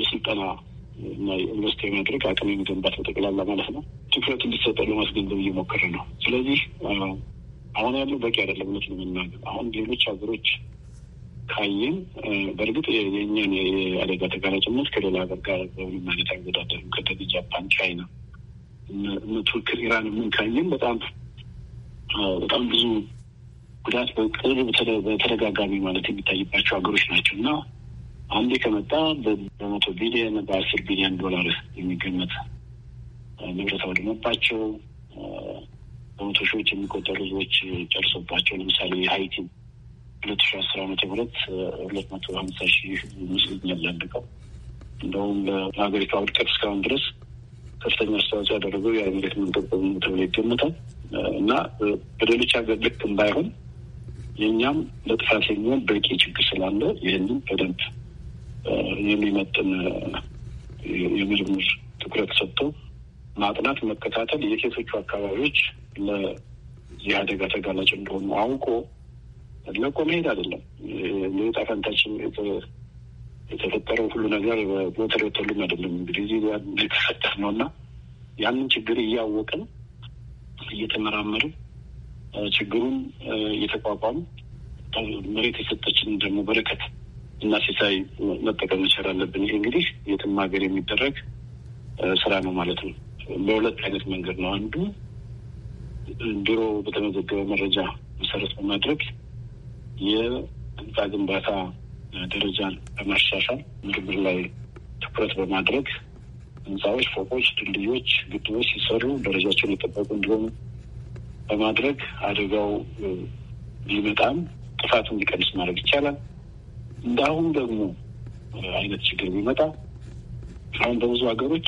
የስልጠና እና ኢንቨስት የማድረግ አቅም የሚገንባት በጠቅላላ ማለት ነው ትኩረት እንዲሰጠ ለማስገንዘብ እየሞከረ ነው። ስለዚህ አሁን ያለው በቂ አይደለም። እውነት ለመናገር አሁን ሌሎች ሀገሮች ካየን በእርግጥ የእኛን የአደጋ ተጋላጭነት ከሌላ ሀገር ጋር በሁሉም አይነት አይወዳደርም። ከደግ ጃፓን፣ ቻይና ትክክል ኢራን የምንካኝም በጣም በጣም ብዙ ጉዳት በቅርብ በተደጋጋሚ ማለት የሚታይባቸው ሀገሮች ናቸው እና አንዴ ከመጣ በመቶ ቢሊየን በአስር ቢሊየን ዶላር የሚገመት ንብረት ወድመባቸው በመቶ ሺዎች የሚቆጠሩ ህዝቦች ጨርሶባቸው ለምሳሌ ሀይቲ ሁለት ሺ አስር አመተ ምህረት ሁለት መቶ ሀምሳ ሺህ ምስል ያላደቀው እንደውም በሀገሪቷ ውድቀት እስካሁን ድረስ ከፍተኛ አስተዋጽኦ ያደረገው የአይምሬት መንገድ ተብሎ ይገመታል እና በሌሎች ሀገር ልክም ባይሆን የእኛም ለጥፋት የሚሆን በቂ ችግር ስላለ ይህንን በደንብ የሚመጥን የምርምር ትኩረት ሰጥተው ማጥናት፣ መከታተል የሴቶቹ አካባቢዎች ለዚህ አደጋ ተጋላጭ እንደሆኑ አውቆ ለቆ መሄድ አይደለም የጣፈንታችን የተፈጠረው ሁሉ ነገር በተለተሉም አይደለም እንግዲህ የተፈጠር ነው እና ያንን ችግር እያወቅን እየተመራመርን ችግሩን እየተቋቋም መሬት የሰጠችን ደግሞ በረከት እና ሲሳይ መጠቀም መቻል አለብን። ይሄ እንግዲህ የትም ሀገር የሚደረግ ስራ ነው ማለት ነው። በሁለት አይነት መንገድ ነው። አንዱ ድሮ በተመዘገበ መረጃ መሰረት በማድረግ የህንፃ ግንባታ ደረጃን በማሻሻል ምርምር ላይ ትኩረት በማድረግ ህንፃዎች፣ ፎቆች፣ ድልድዮች፣ ግድቦች ሲሰሩ ደረጃቸውን የጠበቁ እንዲሆኑ በማድረግ አደጋው ቢመጣም ጥፋቱ እንዲቀንስ ማድረግ ይቻላል። እንዳሁን ደግሞ አይነት ችግር ቢመጣ አሁን በብዙ ሀገሮች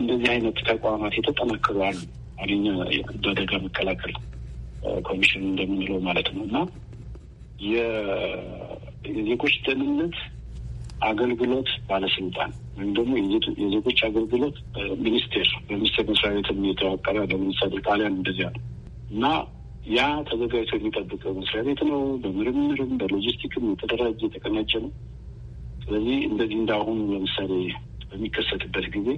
እንደዚህ አይነት ተቋማት የተጠናከሩ አሉ። አገኘ አደጋ መከላከል ኮሚሽን እንደምንለው ማለት ነው እና የዜጎች ደህንነት አገልግሎት ባለስልጣን ወይም ደግሞ የዜጎች አገልግሎት ሚኒስቴር በሚኒስቴር መስሪያ ቤት የተዋቀረ ለምሳሌ ጣሊያን እንደዚያ ነው እና ያ ተዘጋጅቶ የሚጠብቀው መስሪያ ቤት ነው። በምርምርም በሎጂስቲክም የተደራጀ የተቀናጀ ነው። ስለዚህ እንደዚህ እንዳሁኑ ለምሳሌ በሚከሰትበት ጊዜ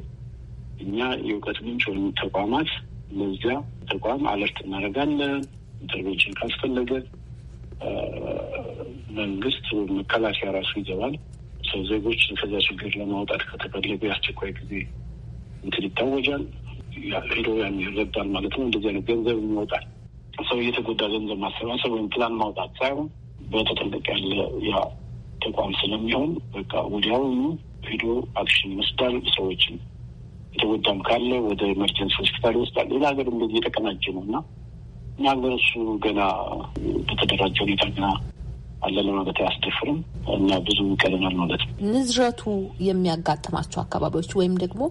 እኛ የእውቀት ምንጭ ወይም ተቋማት እነዚያ ተቋም አለርት እናደርጋለን። ኢንተርቬንሽን ካስፈለገ መንግስት መከላከያ ራሱ ይገባል። ሰው ዜጎችን ከዚያ ችግር ለማውጣት ከተፈለገ የአስቸኳይ ጊዜ እንትን ይታወጃል። ሄዶ ያን ይረዳል ማለት ነው። እንደዚህ አይነት ገንዘብ ይወጣል። ሰው እየተጎዳ ገንዘብ ማሰባሰብ ወይም ፕላን ማውጣት ሳይሆን በተጠንቀቅ ያለ ያ ተቋም ስለሚሆን በቃ ወዲያውኑ ሄዶ አክሽን ይወስዳል። ሰዎችን የተጎዳም ካለ ወደ ኤመርጀንሲ ሆስፒታል ይወስዳል። ሌላ ሀገር እንደዚህ የተቀናጀ ነው እና ማግበረሱ ገና በተደራጀ ሁኔታ ገና አለ ለማለት አያስደፍርም እና ብዙ ይቀለናል ማለት ነው። ንዝረቱ የሚያጋጥማቸው አካባቢዎች ወይም ደግሞ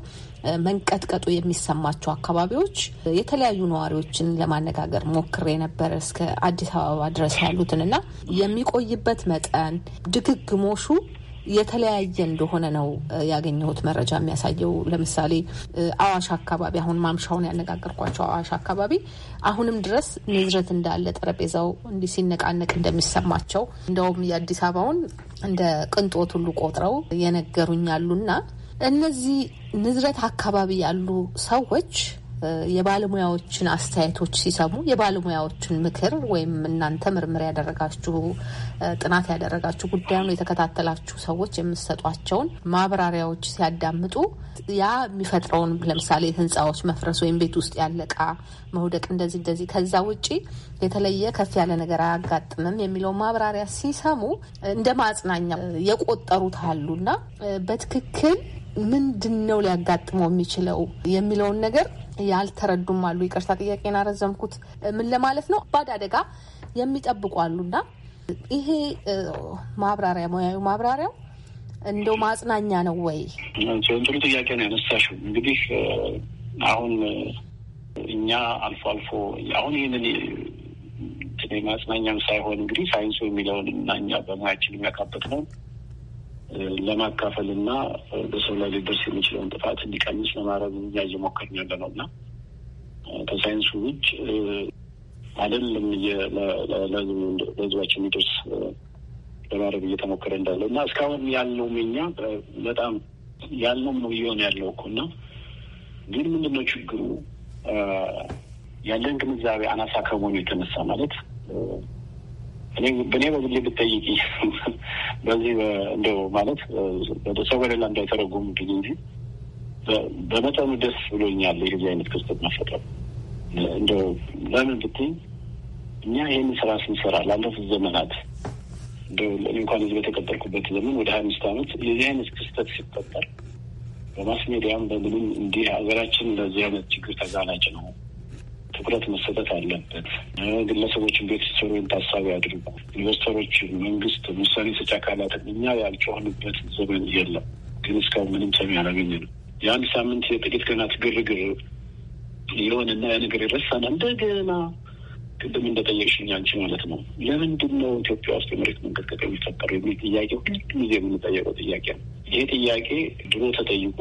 መንቀጥቀጡ የሚሰማቸው አካባቢዎች የተለያዩ ነዋሪዎችን ለማነጋገር ሞክሬ ነበር እስከ አዲስ አበባ ድረስ ያሉትን እና የሚቆይበት መጠን ድግግሞሹ የተለያየ እንደሆነ ነው ያገኘሁት መረጃ የሚያሳየው። ለምሳሌ አዋሽ አካባቢ አሁን ማምሻውን ያነጋገርኳቸው አዋሽ አካባቢ አሁንም ድረስ ንዝረት እንዳለ ጠረጴዛው እንዲህ ሲነቃነቅ እንደሚሰማቸው እንደውም የአዲስ አበባውን እንደ ቅንጦት ሁሉ ቆጥረው የነገሩኝ ያሉና እነዚህ ንዝረት አካባቢ ያሉ ሰዎች የባለሙያዎችን አስተያየቶች ሲሰሙ የባለሙያዎችን ምክር ወይም እናንተ ምርምር ያደረጋችሁ ጥናት ያደረጋችሁ ጉዳዩን የተከታተላችሁ ሰዎች የምትሰጧቸውን ማብራሪያዎች ሲያዳምጡ ያ የሚፈጥረውን ለምሳሌ ህንፃዎች መፍረስ ወይም ቤት ውስጥ ያለ እቃ መውደቅ እንደዚህ እንደዚህ ከዛ ውጪ የተለየ ከፍ ያለ ነገር አያጋጥምም የሚለው ማብራሪያ ሲሰሙ እንደ ማጽናኛ የቆጠሩት አሉና በትክክል ምንድን ነው ሊያጋጥመው የሚችለው የሚለውን ነገር ያልተረዱም አሉ። ይቅርታ ጥያቄን አረዘምኩት። ምን ለማለት ነው? ባድ አደጋ የሚጠብቁ አሉና ይሄ ማብራሪያ ሙያዊ ማብራሪያው እንደው ማጽናኛ ነው ወይ? ጥሩ ጥያቄ ነው ያነሳሽው። እንግዲህ አሁን እኛ አልፎ አልፎ አሁን ይህንን ማጽናኛም ሳይሆን እንግዲህ ሳይንሱ የሚለውን እና እኛ በሙያችን የሚያካበት ነው ለማካፈል እና በሰው ላይ ሊደርስ የሚችለውን ጥፋት እንዲቀንስ ለማድረግ እኛ እየሞከርን ያለ ነው እና ከሳይንሱ ውጭ አይደለም ለህዝባችን የሚደርስ ለማድረግ እየተሞከረ እንዳለው እና እስካሁን ያለው መኛ በጣም ያለውም ነው እየሆነ ያለው እኮ እና ግን ምንድነው ችግሩ ያለን ግንዛቤ አናሳ ከመሆኑ የተነሳ ማለት እኔ በግሌ ብጠይቅ በዚህ እንደው ማለት ሰው በሌላ እንዳይተረጉም ብኝ እንጂ በመጠኑ ደስ ብሎኛል የዚህ አይነት ክስተት መፈጠሩ። እንደው ለምን ብትኝ እኛ ይህን ስራ ስንሰራ ላለፉት ዘመናት እንደው እንኳን እዚህ በተቀጠልኩበት ዘመን ወደ ሀያ አምስት ዓመት የዚህ አይነት ክስተት ሲፈጠር በማስ ሜዲያም በምንም እንዲህ ሀገራችን ለዚህ አይነት ችግር ተጋላጭ ነው ትኩረት መሰጠት አለበት። ግለሰቦችን፣ ቤተሰቦችን ታሳቢ አድርጉ። ኢንቨስተሮች፣ መንግስት፣ ውሳኔ ሰጪ አካላትን እኛ ያልጮህንበት ዘመን የለም፣ ግን እስካሁን ምንም ሰሚ አላገኘ ነው። የአንድ ሳምንት የጥቂት ቀናት ግርግር የሆነና ያ ነገር የረሳና እንደገና ቅድም እንደጠየቅሽኝ አንቺ ማለት ነው ለምንድን ነው ኢትዮጵያ ውስጥ የመሬት መንቀጥቀጥ የሚፈጠረው የሚል ጥያቄ ሁልጊዜ የምንጠየቀው ጥያቄ ነው። ይሄ ጥያቄ ድሮ ተጠይቆ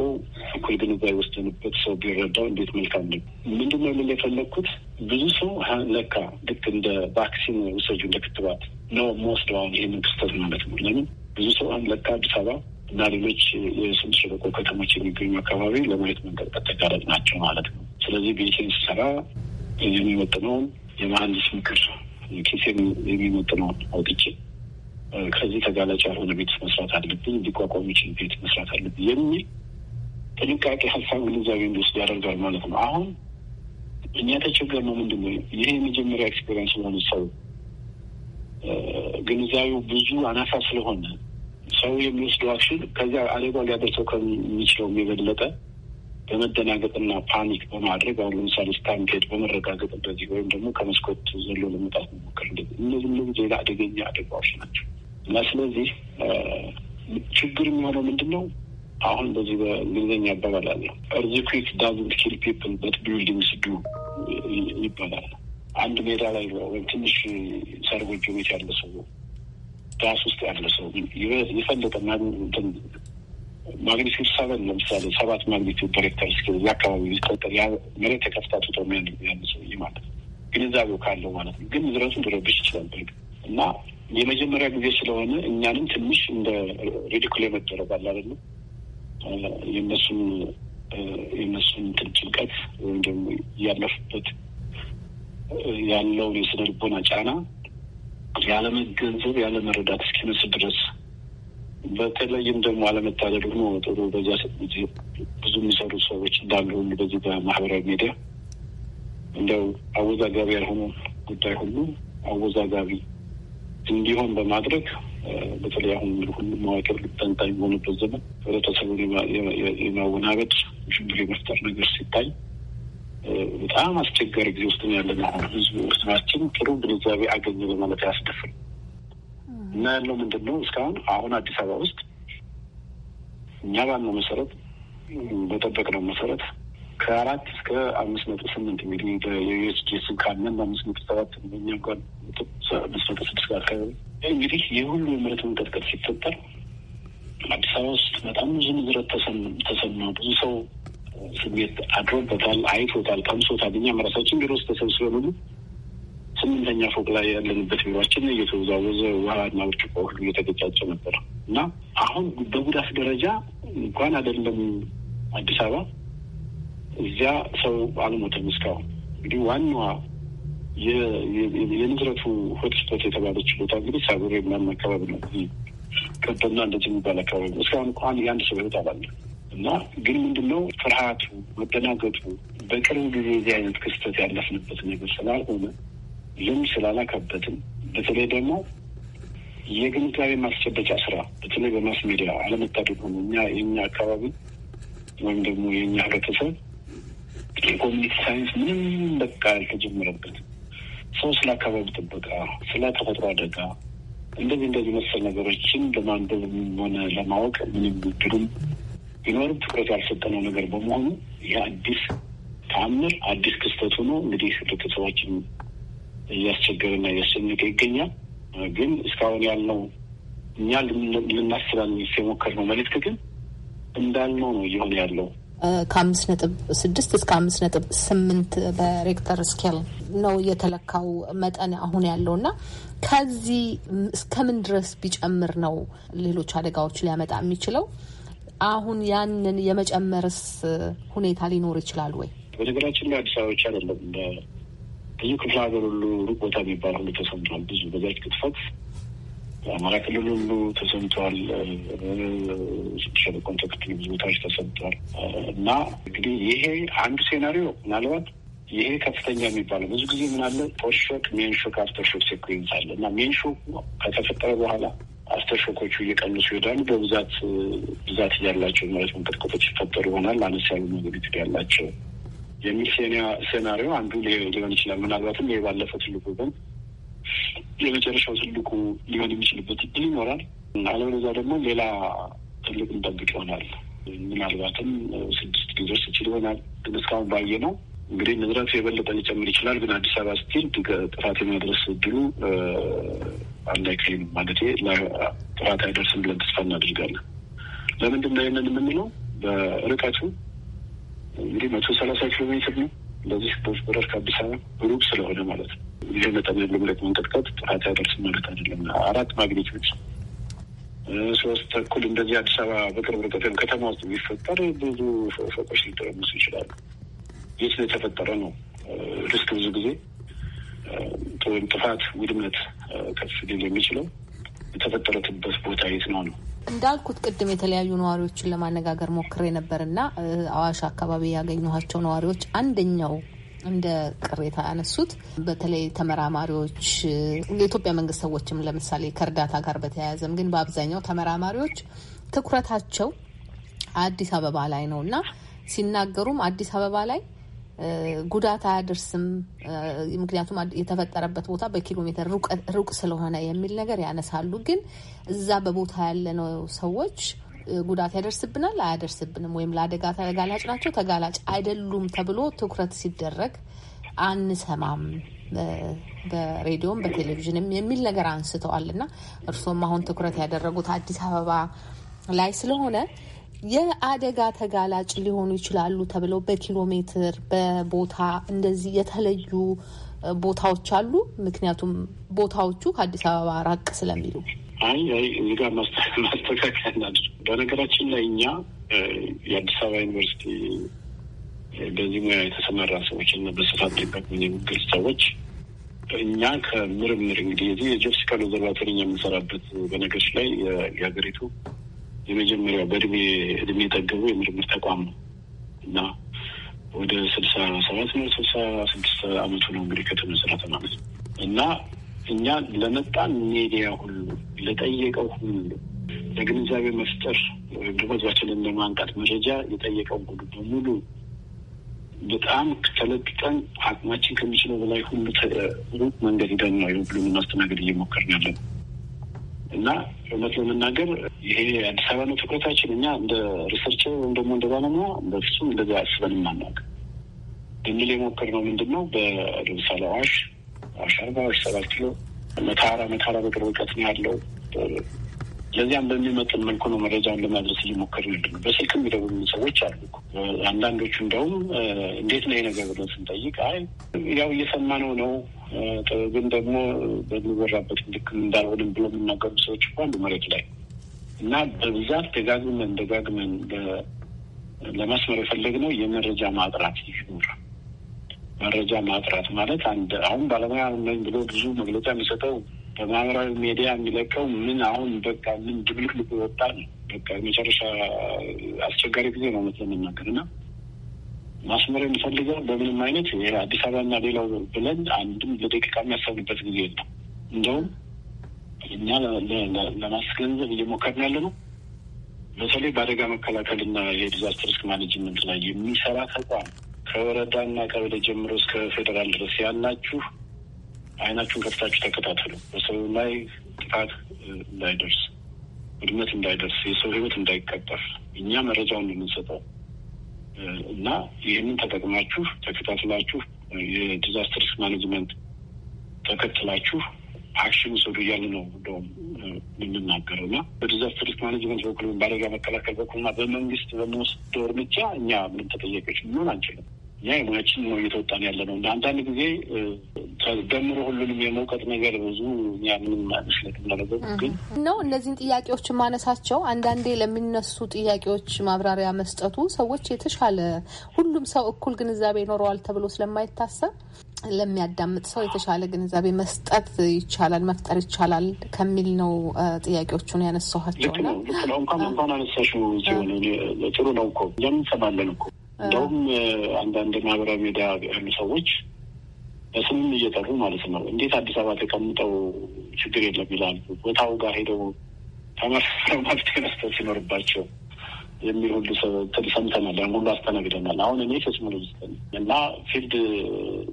እኩል ግንዛቤ ወስደንበት ሰው ቢረዳው እንዴት መልካም ነው። ምንድን ነው ልል የፈለግኩት ብዙ ሰው ለካ ልክ እንደ ቫክሲን ውሰጁ እንደ ክትባት ነው መወስደው አሁን ይህንን ክስተት ማለት ነው። ለምን ብዙ ሰው አሁን ለካ አዲስ አበባ እና ሌሎች የስምጥ ሸለቆ ከተሞች የሚገኙ አካባቢ ለመሬት መንቀጥቀጥ ተጋላጭ ናቸው ማለት ነው። ስለዚህ ቤቴን ስሰራ የሚመጥነውን የመሀንዲስ ምክር ኪሴም የሚመጥነው አውጥቼ ከዚህ ተጋላጭ ያልሆነ ቤት መስራት አለብኝ፣ ሊቋቋም ይችል ቤት መስራት አለብኝ የሚል ጥንቃቄ ሀሳብ ግንዛቤ እንዲወስድ ያደርጋል ማለት ነው። አሁን እኛ ተቸገር ነው ምንድን ነው ይሄ የመጀመሪያ ኤክስፔሪንስ ስለሆነ ሰው ግንዛቤው ብዙ አናሳ ስለሆነ ሰው የሚወስደው አክሽን ከዚያ አደጋ ሊያደርሰው ከሚችለው የበለጠ በመደናገጥና ፓኒክ በማድረግ አሁን ለምሳሌ ስታምፔድ በመረጋገጥ እንደዚህ ወይም ደግሞ ከመስኮት ዘሎ ለመውጣት መሞከር እንደዚህ እነዚህ እነዚህ ሌላ አደገኛ አደጋዎች ናቸው እና ስለዚህ ችግር የሚሆነው ምንድን ነው? አሁን በዚህ በእንግሊዝኛ አባባል አለ እርዚ ኩክ ዳዝንት ኪል ፒፕል በት ቢልዲንግስ ዱ ይባላል። አንድ ሜዳ ላይ ወይም ትንሽ ሰርጎጆ ቤት ያለ ሰው ዳስ ውስጥ ያለ ሰው የፈለጠ ማግኒቲዩድ ሰበን ለምሳሌ ሰባት ማግኒቲዩድ ሬክተር ስኬል እዛ አካባቢ ሊቆጠር ያ መሬት ተከፍታቱ ተሚያን ያለ ሰውዬ ማለት ነው ግንዛቤው ካለው ማለት ነው። ግን ምድረቱ ድረብሽ ይችላል በግ እና የመጀመሪያ ጊዜ ስለሆነ እኛንም ትንሽ እንደ ሬዲኩል የመደረግ አለ አይደለም የእነሱን የእነሱን እንትን ጭንቀት ወይም ደግሞ እያለፉበት ያለውን የስነ ልቦና ጫና ያለመገንዘብ ያለመረዳት እስኪመስል ድረስ በተለይም ደግሞ አለመታደል ደግሞ ጥሩ በዛ ብዙ የሚሰሩ ሰዎች እንዳሉ ሁሉ በዚህ በማህበራዊ ሚዲያ እንደው አወዛጋቢ ያልሆኑ ጉዳይ ሁሉ አወዛጋቢ እንዲሆን በማድረግ በተለይ አሁን ሁሉ መዋቅር ተንታኝ በሆኑበት ዘመን ህብረተሰቡን የማወናበድ ሽብር የመፍጠር ነገር ሲታይ በጣም አስቸጋሪ ጊዜ ውስጥ ነው ያለን። አሁን ህዝቡ እርስባችን ጥሩ ግንዛቤ አገኘ በማለት አያስደፍርም። እና ያለው ምንድን ነው እስካሁን አሁን አዲስ አበባ ውስጥ እኛ ባለው መሰረት በጠበቅነው መሰረት ከአራት እስከ አምስት ነጥብ ስምንት እንግዲህ የዩኤስጂ ስም ካለን በአምስት ነጥብ ሰባት እኛ እንኳን አምስት ነጥብ ስድስት ጋር አካባቢ እንግዲህ የሁሉ የምረት መንቀጥቀጥ ሲፈጠር አዲስ አበባ ውስጥ በጣም ብዙ ንዝረት ተሰማ። ብዙ ሰው ስሜት አድሮበታል፣ አይቶታል፣ ቀምሶታል። እኛም ራሳችን ቢሮ ውስጥ ተሰብስበን ሁሉ ስምንተኛ ፎቅ ላይ ያለንበት ቢሯችን እየተወዛወዘ ውሃና ብርጭቆ ሁሉ እየተገጫጨ ነበር እና አሁን በጉዳት ደረጃ እንኳን አይደለም አዲስ አበባ እዚያ ሰው አልሞተም እስካሁን። እንግዲህ ዋናዋ የንዝረቱ ሆትስፖት የተባለች ቦታ እንግዲህ ሳጉሬ ምናምን አካባቢ ነው። ቀበና እንደዚህ የሚባል አካባቢ እስካሁን እንኳን የአንድ ሰው ህይወት አላለ እና ግን ምንድነው ፍርሃቱ፣ መደናገጡ በቅርብ ጊዜ እዚህ አይነት ክስተት ያለፍንበት ነገር ስላልሆነ ዝም ስላላከበትም በተለይ ደግሞ የግንዛቤ ማስጨበጫ ስራ በተለይ በማስ ሚዲያ አለመታደጉ እኛ የኛ አካባቢ ወይም ደግሞ የኛ ህብረተሰብ የኮሚኒቲ ሳይንስ ምንም በቃ ያልተጀመረበት ሰው ስለ አካባቢ ጥበቃ፣ ስለ ተፈጥሮ አደጋ እንደዚህ እንደዚህ መሰል ነገሮችን ለማንበብ ሆነ ለማወቅ ምንም ውድሉም ቢኖርም ትኩረት ያልሰጠነው ነገር በመሆኑ ይህ አዲስ ተአምር አዲስ ክስተት ሆኖ እንግዲህ ህብረተሰባችን እያስቸገረና እያስጨነቀ ይገኛል። ግን እስካሁን ያልነው እኛ ልናስባል የሞከርነው መልዕክት ግን እንዳልነው ነው እየሆነ ያለው። ከአምስት ነጥብ ስድስት እስከ አምስት ነጥብ ስምንት በሬክተር ስኬል ነው የተለካው መጠን አሁን ያለው እና ከዚህ እስከምን ድረስ ቢጨምር ነው ሌሎች አደጋዎች ሊያመጣ የሚችለው? አሁን ያንን የመጨመርስ ሁኔታ ሊኖር ይችላል ወይ? በነገራችን ላይ አዲስ አበባ ብቻ አይደለም ብዙ ክፍለ ሀገር ሁሉ ሩቅ ቦታ የሚባል ሁሉ ተሰምቷል። ብዙ በዛች ቅጥፈት አማራ ክልል ሁሉ ተሰምተዋል። ሸለቆን ተከትሎ ብዙ ቦታዎች ተሰምተዋል። እና እንግዲህ ይሄ አንዱ ሴናሪዮ ምናልባት ይሄ ከፍተኛ የሚባለው ብዙ ጊዜ ምናለ ፖስትሾክ ሜንሾክ አፍተርሾክ ሴኩዌንስ አለ እና ሜንሾክ ከተፈጠረ በኋላ አፍተርሾኮቹ እየቀነሱ ይሄዳሉ። በብዛት ብዛት እያላቸው ማለት መንቀጥቀጦች ይፈጠሩ ይሆናል። አነስ ያሉ ነገሮች ያላቸው የሚል ሴናሪዮ አንዱ ሊሆን ይችላል። ምናልባትም ይህ ባለፈው ትልቁ ግን የመጨረሻው ትልቁ ሊሆን የሚችልበት እድል ይኖራል። አለበለዚያ ደግሞ ሌላ ትልቅ እንጠብቅ ይሆናል። ምናልባትም ስድስት ሊደርስ ይችል ይሆናል። ግን እስካሁን ባየ ነው እንግዲህ ንዝረቱ የበለጠ ሊጨምር ይችላል። ግን አዲስ አበባ ስቲል ጥፋት የማድረስ እድሉ አላይክልም ማለት ጥፋት አይደርስም ብለን ተስፋ እናደርጋለን። ለምንድን ነው ይህንን የምንለው? በርቀቱ እንግዲህ መቶ ሰላሳ ኪሎ ሜትር ነው። ለዚህ ቦች በረር ከአዲስ አበባ ሩቅ ስለሆነ ማለት ነው። ይህ መጠን ያለው መሬት መንቀጥቀጥ ጥፋት ያደርስ ማለት አይደለም። አራት ማግኒቲዩድ ሶስት ተኩል እንደዚህ አዲስ አበባ በቅርብ ርቀት ወይም ከተማ ውስጥ የሚፈጠር ብዙ ፎቆች ሊጠረሙስ ይችላሉ። የት የተፈጠረ ነው ሪስክ ብዙ ጊዜ ወይም ጥፋት ውድመት ከፍ ሊል የሚችለው የተፈጠረትበት ቦታ የት ነው ነው እንዳልኩት ቅድም የተለያዩ ነዋሪዎችን ለማነጋገር ሞክሬ ነበርና አዋሽ አካባቢ ያገኘኋቸው ነዋሪዎች አንደኛው እንደ ቅሬታ ያነሱት በተለይ ተመራማሪዎች የኢትዮጵያ መንግስት ሰዎችም ለምሳሌ ከእርዳታ ጋር በተያያዘም ግን በአብዛኛው ተመራማሪዎች ትኩረታቸው አዲስ አበባ ላይ ነው እና ሲናገሩም አዲስ አበባ ላይ ጉዳት አያደርስም፣ ምክንያቱም የተፈጠረበት ቦታ በኪሎ ሜትር ሩቅ ስለሆነ የሚል ነገር ያነሳሉ። ግን እዛ በቦታ ያለነው ሰዎች ጉዳት ያደርስብናል አያደርስብንም፣ ወይም ለአደጋ ተጋላጭ ናቸው ተጋላጭ አይደሉም ተብሎ ትኩረት ሲደረግ አንሰማም፣ በሬዲዮም በቴሌቪዥንም የሚል ነገር አንስተዋል እና እርስዎም አሁን ትኩረት ያደረጉት አዲስ አበባ ላይ ስለሆነ የአደጋ ተጋላጭ ሊሆኑ ይችላሉ ተብለው በኪሎ ሜትር በቦታ እንደዚህ የተለዩ ቦታዎች አሉ? ምክንያቱም ቦታዎቹ ከአዲስ አበባ ራቅ ስለሚሉ። አይ አይ እዚህ ጋር ማስተካከያ እናድርግ። *laughs* በነገራችን ላይ እኛ የአዲስ አበባ ዩኒቨርሲቲ በዚህ ሙያ የተሰማራ ሰዎች እና በስፋት ሊበት የሚገል ሰዎች እኛ ከምርምር እንግዲህ የዚህ የጆፕሲካል ኦብዘርቫቶሪ የምንሰራበት በነገሮች ላይ የሀገሪቱ የመጀመሪያው በእድሜ እድሜ የጠገቡ የምርምር ተቋም ነው እና ወደ ስልሳ ሰባት ነው ስልሳ ስድስት አመቱ ነው እንግዲህ ከተመሰረተ ማለት ነው እና እኛ ለመጣን ሜዲያ ሁሉ ለጠየቀው ሁሉ ለግንዛቤ መፍጠር ወይም ደግሞ ህዝባችንን ለማንቃት መረጃ የጠየቀው ሁሉ በሙሉ በጣም ተለጥጠን አቅማችን ከሚችለው በላይ ሁሉ ሩቅ መንገድ ሂደን ነው ሁሉ ማስተናገድ እየሞከርን ያለ እና እውነት ለመናገር ይሄ አዲስ አበባ ነው ትኩረታችን። እኛ እንደ ሪሰርች ወይም ደግሞ እንደ ባለሙያ በፍጹም እንደዚያ አስበን ማናውቅ ልንል ነው ምንድን ነው በለምሳሌ አዋሽ አዋሽ አርባ አዋሽ ሰባት ኪሎ መታራ መታራ በቅርብ ርቀት ነው ያለው። ለዚያም በሚመጥን መልኩ ነው መረጃውን ለማድረስ እየሞከር ነው። በስልክ የሚደውሉ ሰዎች አሉ። አንዳንዶቹ እንደውም እንዴት ነው የነገር ብለን ስንጠይቅ አይ ያው እየሰማነው ነው ግን ደግሞ በሚወራበት ልክም እንዳልሆንም ብሎ የሚናገሩ ሰዎች እኮ አሉ መሬት ላይ እና በብዛት ደጋግመን ደጋግመን ለማስመር የፈለግነው የመረጃ ማጥራት ይኖር። መረጃ ማጥራት ማለት አንድ አሁን ባለሙያ ነኝ ብሎ ብዙ መግለጫ የሚሰጠው በማህበራዊ ሚዲያ የሚለቀው ምን አሁን በቃ ምን ድብልቅልቅ ወጣ ነው። በቃ የመጨረሻ አስቸጋሪ ጊዜ ነው መሰለኝ መናገር እና ማስመር የምፈልገው በምንም አይነት አዲስ አበባና ሌላው ብለን አንድም ለደቂቃ የሚያሰብንበት ጊዜ የለም። እንደውም እኛ ለማስገንዘብ እየሞከርን ያለ ነው። በተለይ በአደጋ መከላከልና የዲዛስተር ሪስክ ማኔጅመንት ላይ የሚሰራ ተቋም ከወረዳና ቀበሌ ጀምሮ እስከ ፌዴራል ድረስ ያላችሁ አይናችሁን ከፍታችሁ ተከታተሉ። በሰው ላይ ጥፋት እንዳይደርስ፣ ውድመት እንዳይደርስ፣ የሰው ህይወት እንዳይቀጠፍ እኛ መረጃውን የምንሰጠው እና ይህንን ተጠቅማችሁ ተከታትላችሁ የዲዛስተር ሪስክ ማኔጅመንት ተከትላችሁ አክሽን ውሰዱ እያሉ ነው እንደውም የምናገረው እና በዲዛስተር ሪስክ ማኔጅመንት በኩል በአደጋ መከላከል በኩልና በመንግስት በምንወስደው እርምጃ እኛ ምንም ተጠያቂዎች ልንሆን አንችልም። እኛ የሙያችን ነው እየተወጣን ያለ ነው። እንደ አንዳንድ ጊዜ ደምሮ ሁሉንም የመውቀጥ ነገር ብዙ እኛ ምንም አይመስለት ምናለበት ግን ነው እነዚህን ጥያቄዎች ማነሳቸው አንዳንዴ ለሚነሱ ጥያቄዎች ማብራሪያ መስጠቱ ሰዎች የተሻለ ሁሉም ሰው እኩል ግንዛቤ ይኖረዋል ተብሎ ስለማይታሰብ ለሚያዳምጥ ሰው የተሻለ ግንዛቤ መስጠት ይቻላል፣ መፍጠር ይቻላል ከሚል ነው ጥያቄዎቹን ያነሳኋቸው። ልክ ነው ልክ ነው። እንኳን እንኳን አነሳሽው ጥሩ ነው እኮ እኛም እንሰማለን እኮ እንደውም አንዳንድ ማህበራዊ ሚዲያ ያሉ ሰዎች በስምም እየጠሩ ማለት ነው እንዴት አዲስ አበባ ተቀምጠው ችግር የለም ይላሉ። ቦታው ጋር ሄደው ተመርምረው መፍትሄ መስጠት ሲኖርባቸው የሚል ሁሉ ሰምተናል። ያን ሁሉ አስተናግደናል። አሁን እኔ ሴስሞሎጂስት እና ፊልድ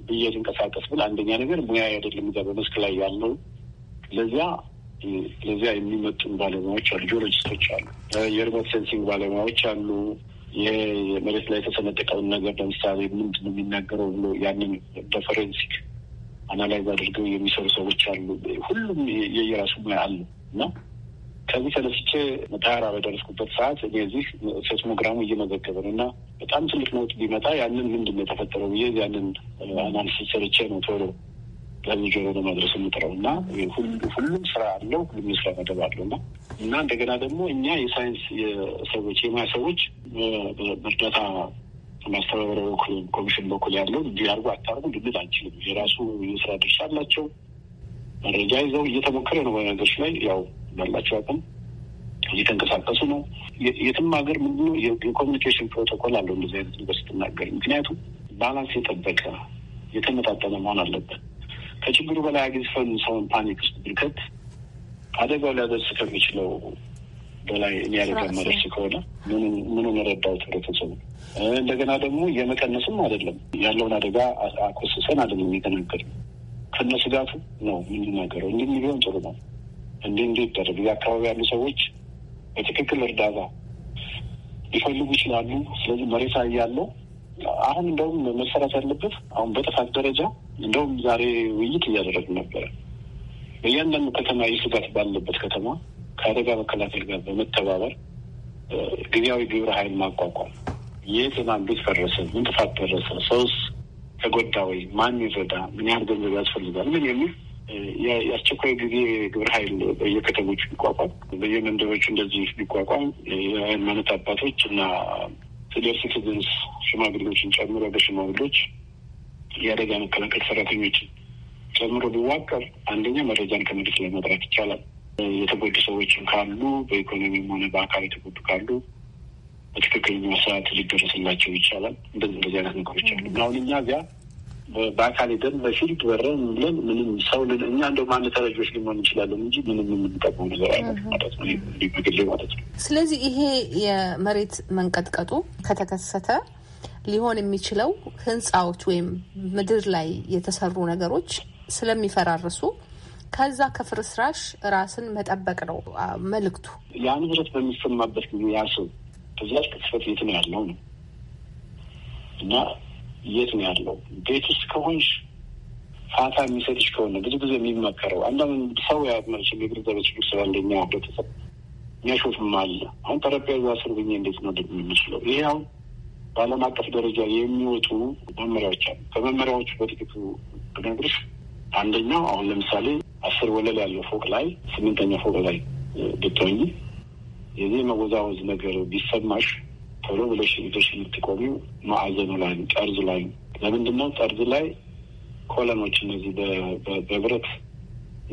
ብዬ ልንቀሳቀስ ብል አንደኛ ነገር ሙያ አይደለም እዛ በመስክ ላይ ያለው ለዚያ ለዚያ የሚመጡን ባለሙያዎች አሉ፣ ጂኦሎጂስቶች አሉ፣ የርበት ሴንሲንግ ባለሙያዎች አሉ የመሬት መሬት ላይ የተሰነጠቀውን ነገር ለምሳሌ ምንድን ነው የሚናገረው ብሎ ያንን በፈረንሲክ አናላይዝ አድርገው የሚሰሩ ሰዎች አሉ። ሁሉም የየራሱ ሙያ አሉ እና ከዚህ ተነስቼ መታራ በደረስኩበት ሰዓት እዚህ ሴስሞግራሙ እየመዘገበ ነው እና በጣም ትልቅ ነውጥ ቢመጣ ያንን ምንድን ነው የተፈጠረው ብዬ ያንን አናሊሲስ ሰርቼ ነው ቶሎ ለህዝብ ጆሮ ለማድረስ የምጥረው እና ሁሉም ስራ አለው፣ ሁሉም የስራ መደብ አለው እና እና እንደገና ደግሞ እኛ የሳይንስ ሰዎች የማ ሰዎች በእርዳታ ማስተባበሪያ በኩል ኮሚሽን በኩል ያለው እንዲህ አድርጎ አታርጉ ልንል አንችልም። የራሱ የስራ ድርሻ አላቸው። መረጃ ይዘው እየተሞከረ ነው። በነገሮች ላይ ያው ባላቸው አቅም እየተንቀሳቀሱ ነው። የትም ሀገር ምንድነው የኮሚኒኬሽን ፕሮቶኮል አለው እንደዚህ አይነት ነገር ስትናገር፣ ምክንያቱም ባላንስ የጠበቀ የተመጣጠነ መሆን አለበት። ከችግሩ በላይ አግዝፈን ሰውን ፓኒክ ውስጥ ብንከት አደጋው ሊያደርስ ከሚችለው በላይ የሚያደጋ መረሱ ከሆነ ምኑ መረዳው ህብረተሰቡ እንደገና ደግሞ የመቀነስም አይደለም ያለውን አደጋ አኮስሰን አይደለም የሚተናገር ከነ ስጋቱ ነው የምንናገረው። እንዲህ ሚሊዮን ጥሩ ነው። እንዲህ እንዲህ ይደረግ። አካባቢ ያሉ ሰዎች በትክክል እርዳታ ሊፈልጉ ይችላሉ። ስለዚህ መሬት ያለው አሁን እንደውም መሰራት ያለበት አሁን በጥፋት ደረጃ እንደውም ዛሬ ውይይት እያደረግን ነበረ። እያንዳንዱ ከተማ የስጋት ባለበት ከተማ ከአደጋ መከላከል ጋር በመተባበር ጊዜያዊ ግብረ ኃይል ማቋቋም የጤና እንዴት ፈረሰ? ምን ጥፋት ደረሰ? ሰውስ ተጎዳ ወይ? ማን ይረዳ? ምን ያህል ገንዘብ ያስፈልጋል? ምን የሚል የአስቸኳይ ጊዜ ግብረ ኃይል በየከተሞቹ ቢቋቋም፣ በየመንደሮቹ እንደዚህ ቢቋቋም የሃይማኖት አባቶች እና ሲኒየር ሲቲዝንስ ሽማግሌዎችን ጨምሮ በሽማግሌዎች የአደጋ መከላከል ሰራተኞችን ጨምሮ ቢዋቀር አንደኛ መረጃን ከመሬት ላይ መጥራት ይቻላል። የተጎዱ ሰዎችም ካሉ በኢኮኖሚም ሆነ በአካል የተጎዱ ካሉ በትክክለኛ ሰዓት ሊደረስላቸው ይቻላል። እንደዚህ እንደዚህ አይነት ነገሮች አሉ። አሁን እኛ እዚያ በአካል ሄደን በፊልድ በረን ብለን ምንም ሰው እኛ እንደ አንድ ተረጆች ሊሆን እንችላለን እንጂ ምንም የምንጠቅመው ነገር አይነት ማለት ነው፣ ማለት ነው። ስለዚህ ይሄ የመሬት መንቀጥቀጡ ከተከሰተ ሊሆን የሚችለው ህንፃዎች ወይም ምድር ላይ የተሰሩ ነገሮች ስለሚፈራርሱ ከዛ ከፍርስራሽ ራስን መጠበቅ ነው መልእክቱ። ያ ንብረት በሚሰማበት ጊዜ ያ ሰው ከዚያች ቅጽበት የት ነው ያለው ነው እና የት ነው ያለው? ቤት ውስጥ ከሆንሽ ፋታ የሚሰጥሽ ከሆነ ብዙ ጊዜ የሚመከረው አንዳንድ ሰው ያመርች የግንዛቤ ችግር ስላለኛ ቤተሰብ የሚያሾፍም አለ። አሁን ጠረጴዛ ስር ብዬ እንዴት ነው ደግሞ የምችለው? ይሄ አሁን በዓለም አቀፍ ደረጃ የሚወጡ መመሪያዎች አሉ። ከመመሪያዎቹ በጥቂቱ ብነግርሽ አንደኛው አሁን ለምሳሌ አስር ወለል ያለው ፎቅ ላይ ስምንተኛ ፎቅ ላይ ብትሆኚ የዚህ መወዛወዝ ነገር ቢሰማሽ ቶሎ ብለሽ ሄደሽ የምትቆሚው ማዕዘኑ ላይ ጠርዙ ላይ ለምንድን ነው ጠርዝ ላይ ኮለኖች እነዚህ በብረት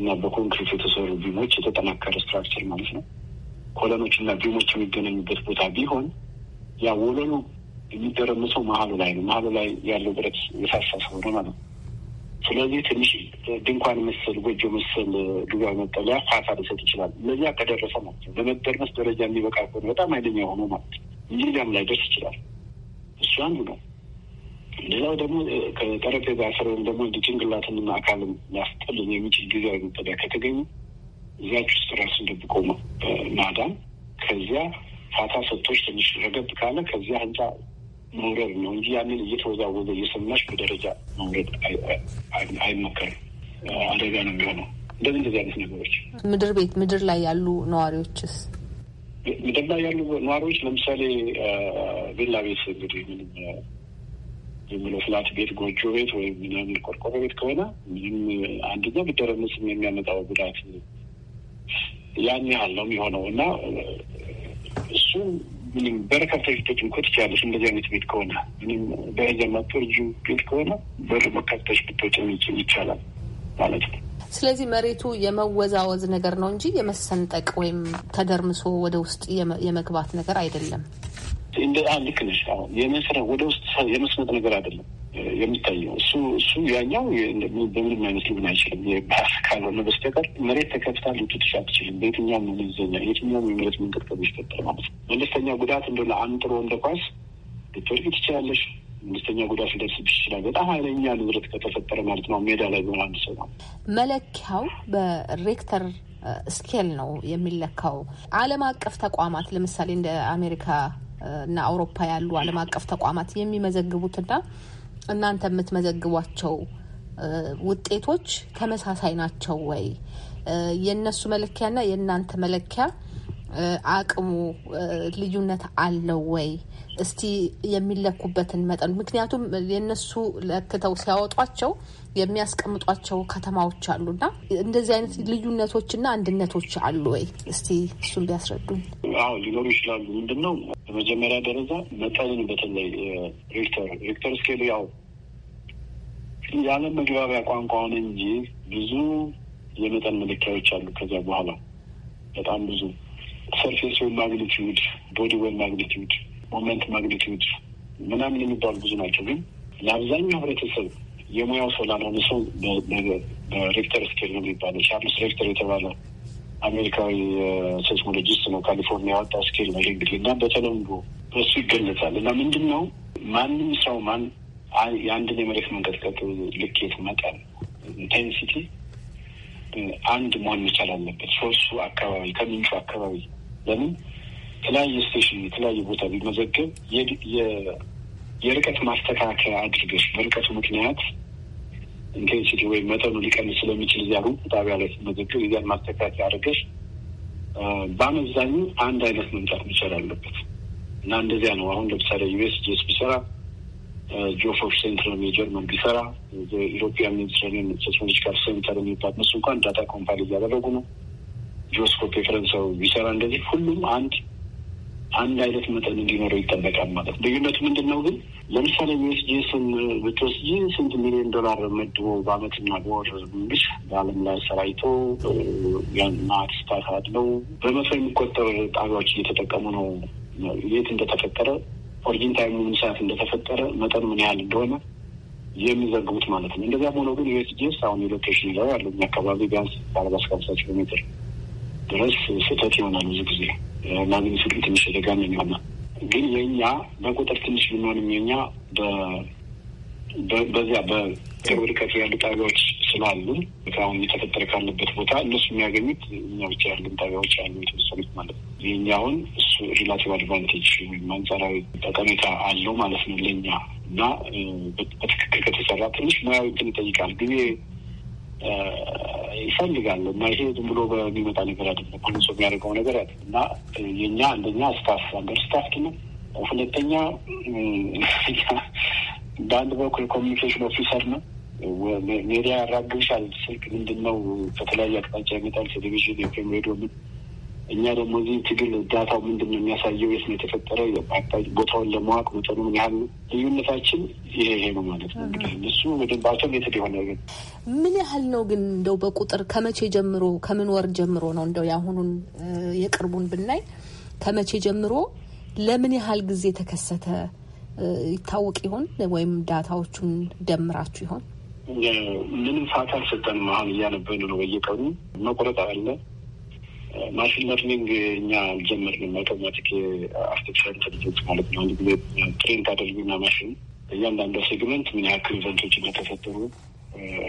እና በኮንክሪት የተሰሩ ቢሞች የተጠናከረ ስትራክቸር ማለት ነው። ኮለኖች እና ቢሞች የሚገናኙበት ቦታ ቢሆን ያ ወለሉ የሚደረምሰው መሀሉ ላይ ነው። መሀሉ ላይ ያለው ብረት የሳሳ ስለሆነ ማለት ነው። ስለዚህ ትንሽ ድንኳን መሰል ጎጆ መሰል ዱባ መጠለያ ፋታ ሊሰጥ ይችላል። ለዚያ ከደረሰ ማለት ነው በመደርመስ ደረጃ የሚበቃ ከሆነ በጣም አይለኛ የሆነ ማለት ነው እንጂ ሌላም ላይ ደርስ ይችላል። እሱ አንዱ ነው። ሌላው ደግሞ ከጠረጴዛ ስር ወይም ደግሞ እንዲ ጭንቅላትንና አካልን ሊያስጠልን የሚችል ጊዜያዊ መጠለያ ከተገኙ እዚያች ውስጥ ራሱን ደብቆ ማዳን ከዚያ ፋታ ሰጥቶች ትንሽ ረገብ ካለ ከዚያ ህንፃ መንገድ ነው እንጂ ያንን እየተወዛወዘ እየሰማሽ በደረጃ መንገድ አይመከርም። አደጋ ነው የሚሆነው። እንደዚህ እንደዚህ አይነት ነገሮች ምድር ቤት ምድር ላይ ያሉ ነዋሪዎችስ ምድር ላይ ያሉ ነዋሪዎች ለምሳሌ ቪላ ቤት እንግዲህ ምንም ዝምሎ ፍላት ቤት ጎጆ ቤት ወይም ምናምን ቆርቆሮ ቤት ከሆነ ምንም አንደኛ ቢደረመስም የሚያመጣው ጉዳት ያን ያህል ነው የሚሆነው እና እሱም ምንም በረከብ ተሽቶት ኮትች ያለች እንደዚህ አይነት ቤት ከሆነ ምንም ማቶ እጁ ቤት ከሆነ በር መካተሽ ብቶጭ ይቻላል ማለት ነው። ስለዚህ መሬቱ የመወዛወዝ ነገር ነው እንጂ የመሰንጠቅ ወይም ተደርምሶ ወደ ውስጥ የመግባት ነገር አይደለም። ልክ ነሽ። አሁን የመስረ ወደ ውስጥ የመስመጥ ነገር አይደለም የሚታየው እሱ እሱ ያኛው በምንም አይነት ሊሆን አይችልም። የባህር ካልሆነ በስተቀር መሬት ተከፍታ ልትትሽ አትችልም። በየትኛውም መመዘኛ የትኛውም የመሬት መንቀጥቀጥ ይፈጠር ማለት ነው። መለስተኛ ጉዳት እንደ አንጥሮ እንደ ኳስ ልትወድቅ ትችላለሽ። መለስተኛ ጉዳት ሊደርስብሽ ይችላል። በጣም ኃይለኛ ንብረት ከተፈጠረ ማለት ነው። ሜዳ ላይ ቢሆን አንድ ሰው ነው መለኪያው በሬክተር ስኬል ነው የሚለካው። ዓለም አቀፍ ተቋማት ለምሳሌ እንደ አሜሪካ እና አውሮፓ ያሉ ዓለም አቀፍ ተቋማት የሚመዘግቡትና እናንተ የምትመዘግቧቸው ውጤቶች ተመሳሳይ ናቸው ወይ? የእነሱ መለኪያና የእናንተ መለኪያ አቅሙ ልዩነት አለው ወይ? እስቲ የሚለኩበትን መጠን ምክንያቱም የእነሱ ለክተው ሲያወጧቸው የሚያስቀምጧቸው ከተማዎች አሉና እንደዚህ አይነት ልዩነቶችና አንድነቶች አሉ ወይ? እስቲ እሱን ቢያስረዱን። አዎ ሊኖሩ ይችላሉ። ምንድን ነው በመጀመሪያ ደረጃ መጠንን በተለይ ሬክተር ሬክተር ስኬል ያው የዓለም መግባቢያ ቋንቋውን እንጂ ብዙ የመጠን መለኪያዎች አሉ። ከዚያ በኋላ በጣም ብዙ ሰርፌስ ወይ ማግኒቲዩድ፣ ቦዲ ወይ ማግኒቲዩድ፣ ሞመንት ማግኒቲዩድ ምናምን የሚባሉ ብዙ ናቸው። ግን ለአብዛኛው ህብረተሰብ የሙያው ሰው ላልሆነ ሰው በሬክተር ስኬል ነው የሚባለው። ቻርልስ ሬክተር የተባለ አሜሪካዊ ሴስሞሎጂስት ነው ካሊፎርኒያ ያወጣ ስኬል ነው ይሄ እንግዲህ እና በተለምዶ በሱ ይገለጻል እና ምንድን ነው ማንም ሰው ማን የአንድን የመሬት መንቀጥቀጥ ልኬት መጠን ኢንቴንሲቲ አንድ መሆን መቻል አለበት። ሶርሱ አካባቢ ከምንጩ አካባቢ ለምን የተለያየ ስቴሽን የተለያየ ቦታ ቢመዘገብ የርቀት ማስተካከያ አድርገሽ በርቀቱ ምክንያት ኢንቴንሲቲ ወይም መጠኑ ሊቀንስ ስለሚችል እዚያ ጣቢያ ላይ ስመዘግብ እዚያን ማስተካከያ አድርገሽ በአመዛኙ አንድ አይነት መምጣት መቻል አለበት እና እንደዚያ ነው። አሁን ለምሳሌ ዩኤስጂኤስ ቢሰራ ጆፎች ሴንትር የጀርመን ቢሰራ ኢሮፒያን ሜዲትሬኒያን ሴስሞሎጂካል ሴንተር የሚባል እሱ እንኳን ዳታ ኮምፓኒ እያደረጉ ነው። ጂኦስኮፕ የፈረንሳዊ ቢሰራ እንደዚህ ሁሉም አንድ አንድ አይነት መጠን እንዲኖረው ይጠበቃል ማለት ነው። ልዩነቱ ምንድን ነው ግን? ለምሳሌ ዩኤስጂኤስን ብትወስጂ ስንት ሚሊዮን ዶላር መድቦ በአመትና በወር እንግዲህ በአለም ላይ ሰራይቶ ማት ስታክ አለው በመቶ የሚቆጠሩ ጣቢያዎች እየተጠቀሙ ነው። የት እንደተፈጠረ ኦሪጂን ታይሙ ምን ሰዓት እንደተፈጠረ መጠን ምን ያህል እንደሆነ የሚዘግቡት ማለት ነው። እንደዚያም ሆኖ ግን ዩኤስጂኤስ አሁን የሎኬሽን ይለው ያለው አካባቢ ቢያንስ በአርባ እስከ ሃምሳ ኪሎ ሜትር ድረስ ስህተት ይሆናል። ብዙ ጊዜ ማግኘት ግን ትንሽ ደጋም የሚሆናል። ግን የኛ በቁጥር ትንሽ ብንሆንም የኛ በዚያ በቅርብ ርቀት ያሉ ጣቢያዎች ስላሉ አሁን የተፈጠረ ካለበት ቦታ እነሱ የሚያገኙት እኛ ብቻ ያሉን ጣቢያዎች ያሉ የተወሰኑት ማለት ነው። የእኛውን እሱ ሪላቲቭ አድቫንቴጅ ወይም አንጻራዊ ጠቀሜታ አለው ማለት ነው ለእኛ እና በትክክል ከተሰራ ትንሽ ሙያዊ እንትን ይጠይቃል ጊዜ ይፈልጋል እና ይሄ ዝም ብሎ በሚመጣ ነገር አይደለም። ሁሉም ሰው የሚያደርገው ነገር አይደለም እና የኛ አንደኛ ስታፍ አንደር ስታፍ ነው። ሁለተኛ በአንድ በኩል ኮሚኒኬሽን ኦፊሰር ነው። ሜዲያ ያራግብሻል። ስልክ ምንድን ነው ከተለያየ አቅጣጫ ይመጣል። ቴሌቪዥን፣ ኤፍኤም፣ ሬዲዮ ምን እኛ ደግሞ እዚህ ትግል ዳታው ምንድን ነው የሚያሳየው? የት ነው የተፈጠረ? ቦታውን ለማወቅ መጠኑ ምን ያህል ነው? ልዩነታችን ይሄ ይሄ ነው ማለት ነው። እንግዲህ እሱ በደንብ አውቶሜትድ የሆነ ግን ምን ያህል ነው ግን እንደው በቁጥር ከመቼ ጀምሮ ከምን ወር ጀምሮ ነው እንደው የአሁኑን የቅርቡን ብናይ ከመቼ ጀምሮ ለምን ያህል ጊዜ ተከሰተ ይታወቅ ይሆን? ወይም ዳታዎቹን ደምራችሁ ይሆን? ምንም ፋታ አልሰጠንም። አሁን እያነበብን ነው። በየቀኑ መቁረጥ አለ ማሽን ለርኒንግ እኛ አልጀመርንም። አውቶማቲክ አርቲፊሻል ኢንተሊጀንስ ማለት ነው። አንድ ጊዜ ትሬን ታደርጉና ማሽን እያንዳንዱ ሴግመንት ምን ያክል ኢቨንቶች እንደተፈጠሩ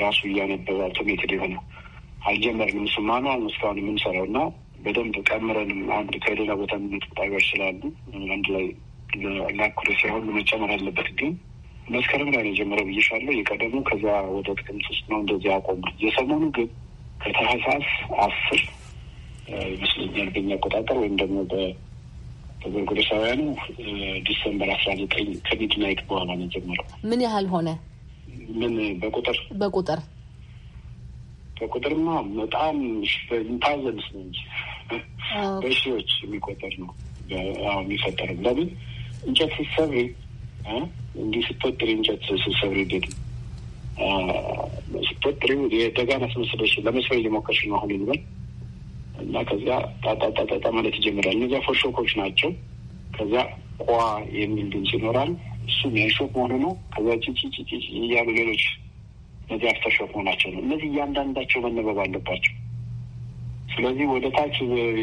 ራሱ እያነበበ አውቶሜትድ የሆነ አልጀመርንም። ስማኗ እስካሁን የምንሰራው እና በደንብ ቀምረንም አንድ ከሌላ ቦታ የሚመጡ ጣቢያዎች ስላሉ አንድ ላይ ለአኩሬሲ ሁሉ መጨመር አለበት። ግን መስከረም ላይ ነው የጀመረው ብይሻለሁ። የቀደሙ ከዚያ ወደ ጥቅምት ውስጥ ነው እንደዚህ ያቆሙ። የሰሞኑ ግን ከታህሳስ አስር ይመስለኛል በኛ አቆጣጠር ወይም ደግሞ በጎርጎሮሳውያኑ ዲሰምበር አስራ ዘጠኝ ከሚድናይት በኋላ ነው የጀመረው። ምን ያህል ሆነ? ምን በቁጥር በቁጥር በቁጥርማ በጣም ታዘንስ ነው እንጂ በሺዎች የሚቆጠር ነው አሁን የሚፈጠረው። ለምን እንጨት ሲሰብሪ እንዲህ ስትወጥሪ እንጨት ስትሰብሪ ቤት ስትወጥሪ የደጋን አስመስለሽ ለመስበር እየሞከርሽ ነው አሁን ይልበል እና ከዛ ጣጣጣጣጣ ማለት ይጀምራል። እነዚያ ፎርሾኮች ናቸው። ከዛ ቋ የሚል ድምፅ ይኖራል። እሱም የሾክ መሆኑ ነው። ከዛ ጭጭጭጭ እያሉ ሌሎች እነዚህ አፍተርሾክ መሆናቸው ነው። እነዚህ እያንዳንዳቸው መነበብ አለባቸው። ስለዚህ ወደ ታች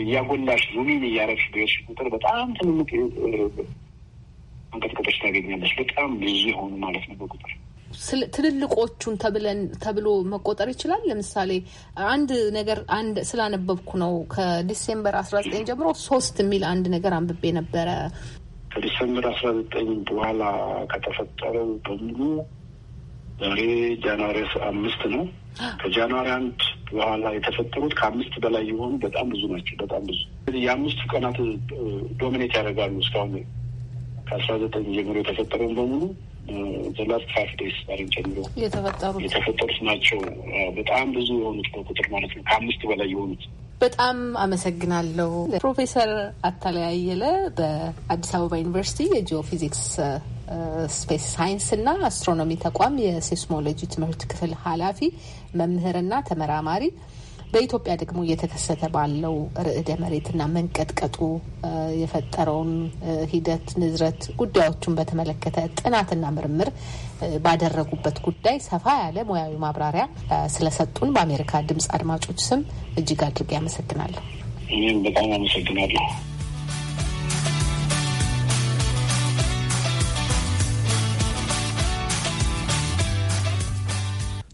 እያጎላሽ ዙሚን እያረግሽ ብሄድሽ ቁጥር በጣም ትልልቅ አንቀጥቀጦች ታገኛለች። በጣም ልዩ የሆኑ ማለት ነው በቁጥር ትልልቆቹን ተብሎ መቆጠር ይችላል። ለምሳሌ አንድ ነገር አንድ ስላነበብኩ ነው። ከዲሴምበር አስራ ዘጠኝ ጀምሮ ሶስት የሚል አንድ ነገር አንብቤ ነበረ። ከዲሴምበር አስራ ዘጠኝ በኋላ ከተፈጠረው በሙሉ ዛሬ ጃንዋሪ አምስት ነው። ከጃንዋሪ አንድ በኋላ የተፈጠሩት ከአምስት በላይ የሆኑ በጣም ብዙ ናቸው። በጣም ብዙ የአምስቱ ቀናት ዶሚኔት ያደርጋሉ። እስካሁን ከአስራ ዘጠኝ ጀምሮ የተፈጠረውን በሙሉ ዘላት ካፍዴስ ዛሬን ጨምሮ የተፈጠሩት ናቸው። በጣም ብዙ የሆኑት በቁጥር ማለት ነው፣ ከአምስት በላይ የሆኑት። በጣም አመሰግናለሁ ፕሮፌሰር አታላይ አየለ በአዲስ አበባ ዩኒቨርሲቲ የጂኦፊዚክስ ስፔስ ሳይንስ እና አስትሮኖሚ ተቋም የሴስሞሎጂ ትምህርት ክፍል ኃላፊ መምህርና ተመራማሪ በኢትዮጵያ ደግሞ እየተከሰተ ባለው ርዕደ መሬትና መንቀጥቀጡ የፈጠረውን ሂደት ንዝረት ጉዳዮቹን በተመለከተ ጥናትና ምርምር ባደረጉበት ጉዳይ ሰፋ ያለ ሙያዊ ማብራሪያ ስለሰጡን በአሜሪካ ድምፅ አድማጮች ስም እጅግ አድርጌ አመሰግናለሁ። እኔም በጣም አመሰግናለሁ።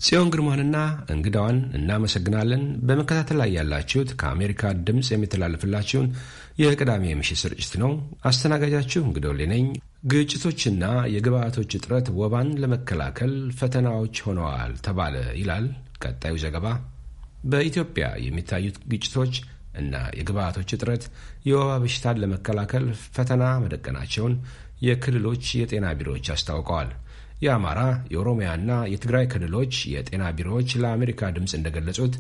ጽዮን ግርማንና እንግዳዋን እናመሰግናለን። በመከታተል ላይ ያላችሁት ከአሜሪካ ድምፅ የሚተላለፍላችሁን የቅዳሜ የምሽት ስርጭት ነው። አስተናጋጃችሁ እንግዶሌ ነኝ። ግጭቶችና የግብአቶች እጥረት ወባን ለመከላከል ፈተናዎች ሆነዋል ተባለ ይላል ቀጣዩ ዘገባ። በኢትዮጵያ የሚታዩት ግጭቶች እና የግብአቶች እጥረት የወባ በሽታን ለመከላከል ፈተና መደቀናቸውን የክልሎች የጤና ቢሮዎች አስታውቀዋል። የአማራ፣ የኦሮሚያና የትግራይ ክልሎች የጤና ቢሮዎች ለአሜሪካ ድምፅ እንደገለጹት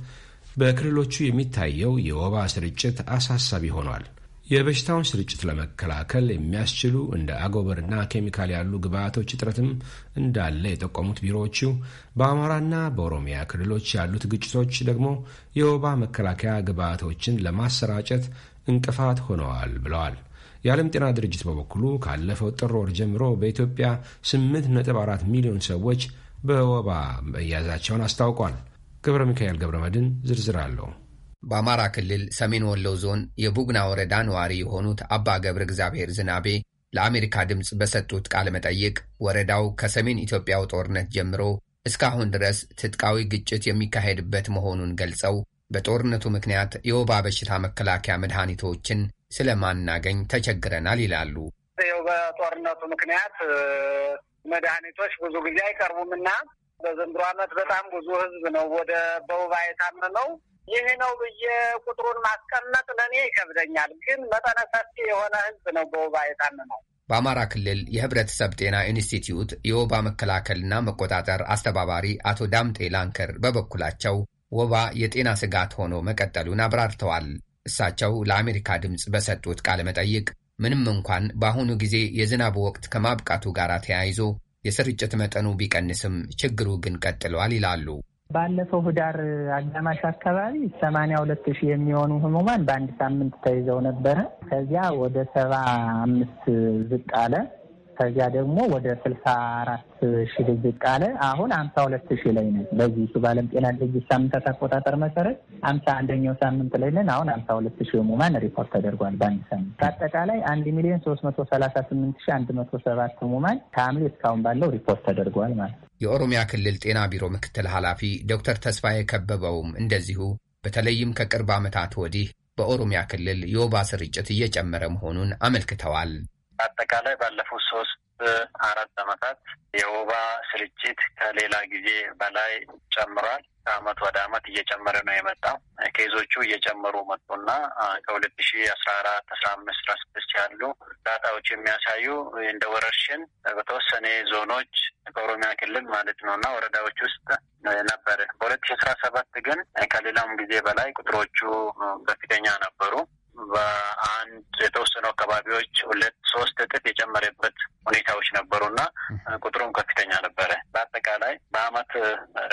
በክልሎቹ የሚታየው የወባ ስርጭት አሳሳቢ ሆኗል። የበሽታውን ስርጭት ለመከላከል የሚያስችሉ እንደ አጎበርና ኬሚካል ያሉ ግብዓቶች እጥረትም እንዳለ የጠቆሙት ቢሮዎቹ በአማራና በኦሮሚያ ክልሎች ያሉት ግጭቶች ደግሞ የወባ መከላከያ ግብዓቶችን ለማሰራጨት እንቅፋት ሆነዋል ብለዋል። የዓለም ጤና ድርጅት በበኩሉ ካለፈው ጥር ወር ጀምሮ በኢትዮጵያ 8.4 ሚሊዮን ሰዎች በወባ መያዛቸውን አስታውቋል። ገብረ ሚካኤል ገብረ መድን ዝርዝር አለው። በአማራ ክልል ሰሜን ወሎ ዞን የቡግና ወረዳ ነዋሪ የሆኑት አባ ገብረ እግዚአብሔር ዝናቤ ለአሜሪካ ድምፅ በሰጡት ቃለ መጠይቅ ወረዳው ከሰሜን ኢትዮጵያው ጦርነት ጀምሮ እስካሁን ድረስ ትጥቃዊ ግጭት የሚካሄድበት መሆኑን ገልጸው በጦርነቱ ምክንያት የወባ በሽታ መከላከያ መድኃኒቶችን ስለማናገኝ ተቸግረናል ይላሉ። ይኸው በጦርነቱ ምክንያት መድኃኒቶች ብዙ ጊዜ አይቀርቡምና በዘንድሮ ዓመት በጣም ብዙ ህዝብ ነው ወደ በውባ የታመመው። ይህ ነው ብዬ ቁጥሩን ማስቀመጥ ለእኔ ይከብደኛል፣ ግን መጠነ ሰፊ የሆነ ህዝብ ነው በውባ የታመመው። በአማራ ክልል የህብረተሰብ ጤና ኢንስቲትዩት የወባ መከላከልና መቆጣጠር አስተባባሪ አቶ ዳምጤ ላንከር በበኩላቸው ወባ የጤና ስጋት ሆኖ መቀጠሉን አብራርተዋል። እሳቸው ለአሜሪካ ድምፅ በሰጡት ቃለ መጠይቅ ምንም እንኳን በአሁኑ ጊዜ የዝናቡ ወቅት ከማብቃቱ ጋር ተያይዞ የስርጭት መጠኑ ቢቀንስም ችግሩ ግን ቀጥሏል ይላሉ። ባለፈው ህዳር አጋማሽ አካባቢ ሰማንያ ሁለት ሺህ የሚሆኑ ህሙማን በአንድ ሳምንት ተይዘው ነበረ። ከዚያ ወደ ሰባ አምስት ዝቅ አለ። ከዚያ ደግሞ ወደ ስልሳ አራት ሺ ድርጅት ቃለ አሁን አምሳ ሁለት ሺ ላይ ነን። በዚህ በዓለም ጤና ድርጅት ሳምንታት አቆጣጠር መሰረት አምሳ አንደኛው ሳምንት ላይ ነን። አሁን አምሳ ሁለት ሺ ህሙማን ሪፖርት ተደርጓል በአንድ ሳምንት። ከአጠቃላይ አንድ ሚሊዮን ሶስት መቶ ሰላሳ ስምንት ሺ አንድ መቶ ሰባት ህሙማን ከሐምሌ እስካሁን ባለው ሪፖርት ተደርጓል ማለት ነው። የኦሮሚያ ክልል ጤና ቢሮ ምክትል ኃላፊ ዶክተር ተስፋዬ ከበበውም እንደዚሁ በተለይም ከቅርብ ዓመታት ወዲህ በኦሮሚያ ክልል የወባ ስርጭት እየጨመረ መሆኑን አመልክተዋል። በአጠቃላይ ባለፉት ሶስት አራት ዓመታት የወባ ስርጭት ከሌላ ጊዜ በላይ ጨምሯል። ከአመት ወደ አመት እየጨመረ ነው የመጣው። ኬዞቹ እየጨመሩ መጡና ከሁለት ሺ አስራ አራት አስራ አምስት አስራ ስድስት ያሉ ዳታዎች የሚያሳዩ እንደ ወረርሽን በተወሰነ ዞኖች ከኦሮሚያ ክልል ማለት ነው እና ወረዳዎች ውስጥ ነበረ። በሁለት ሺ አስራ ሰባት ግን ከሌላውም ጊዜ በላይ ቁጥሮቹ በፊተኛ ነበሩ። በአንድ የተወሰኑ አካባቢዎች ሁለት ሶስት እጥፍ የጨመረበት ሁኔታዎች ነበሩና ቁጥሩም ከፍተኛ ነበረ። በአጠቃላይ በአመት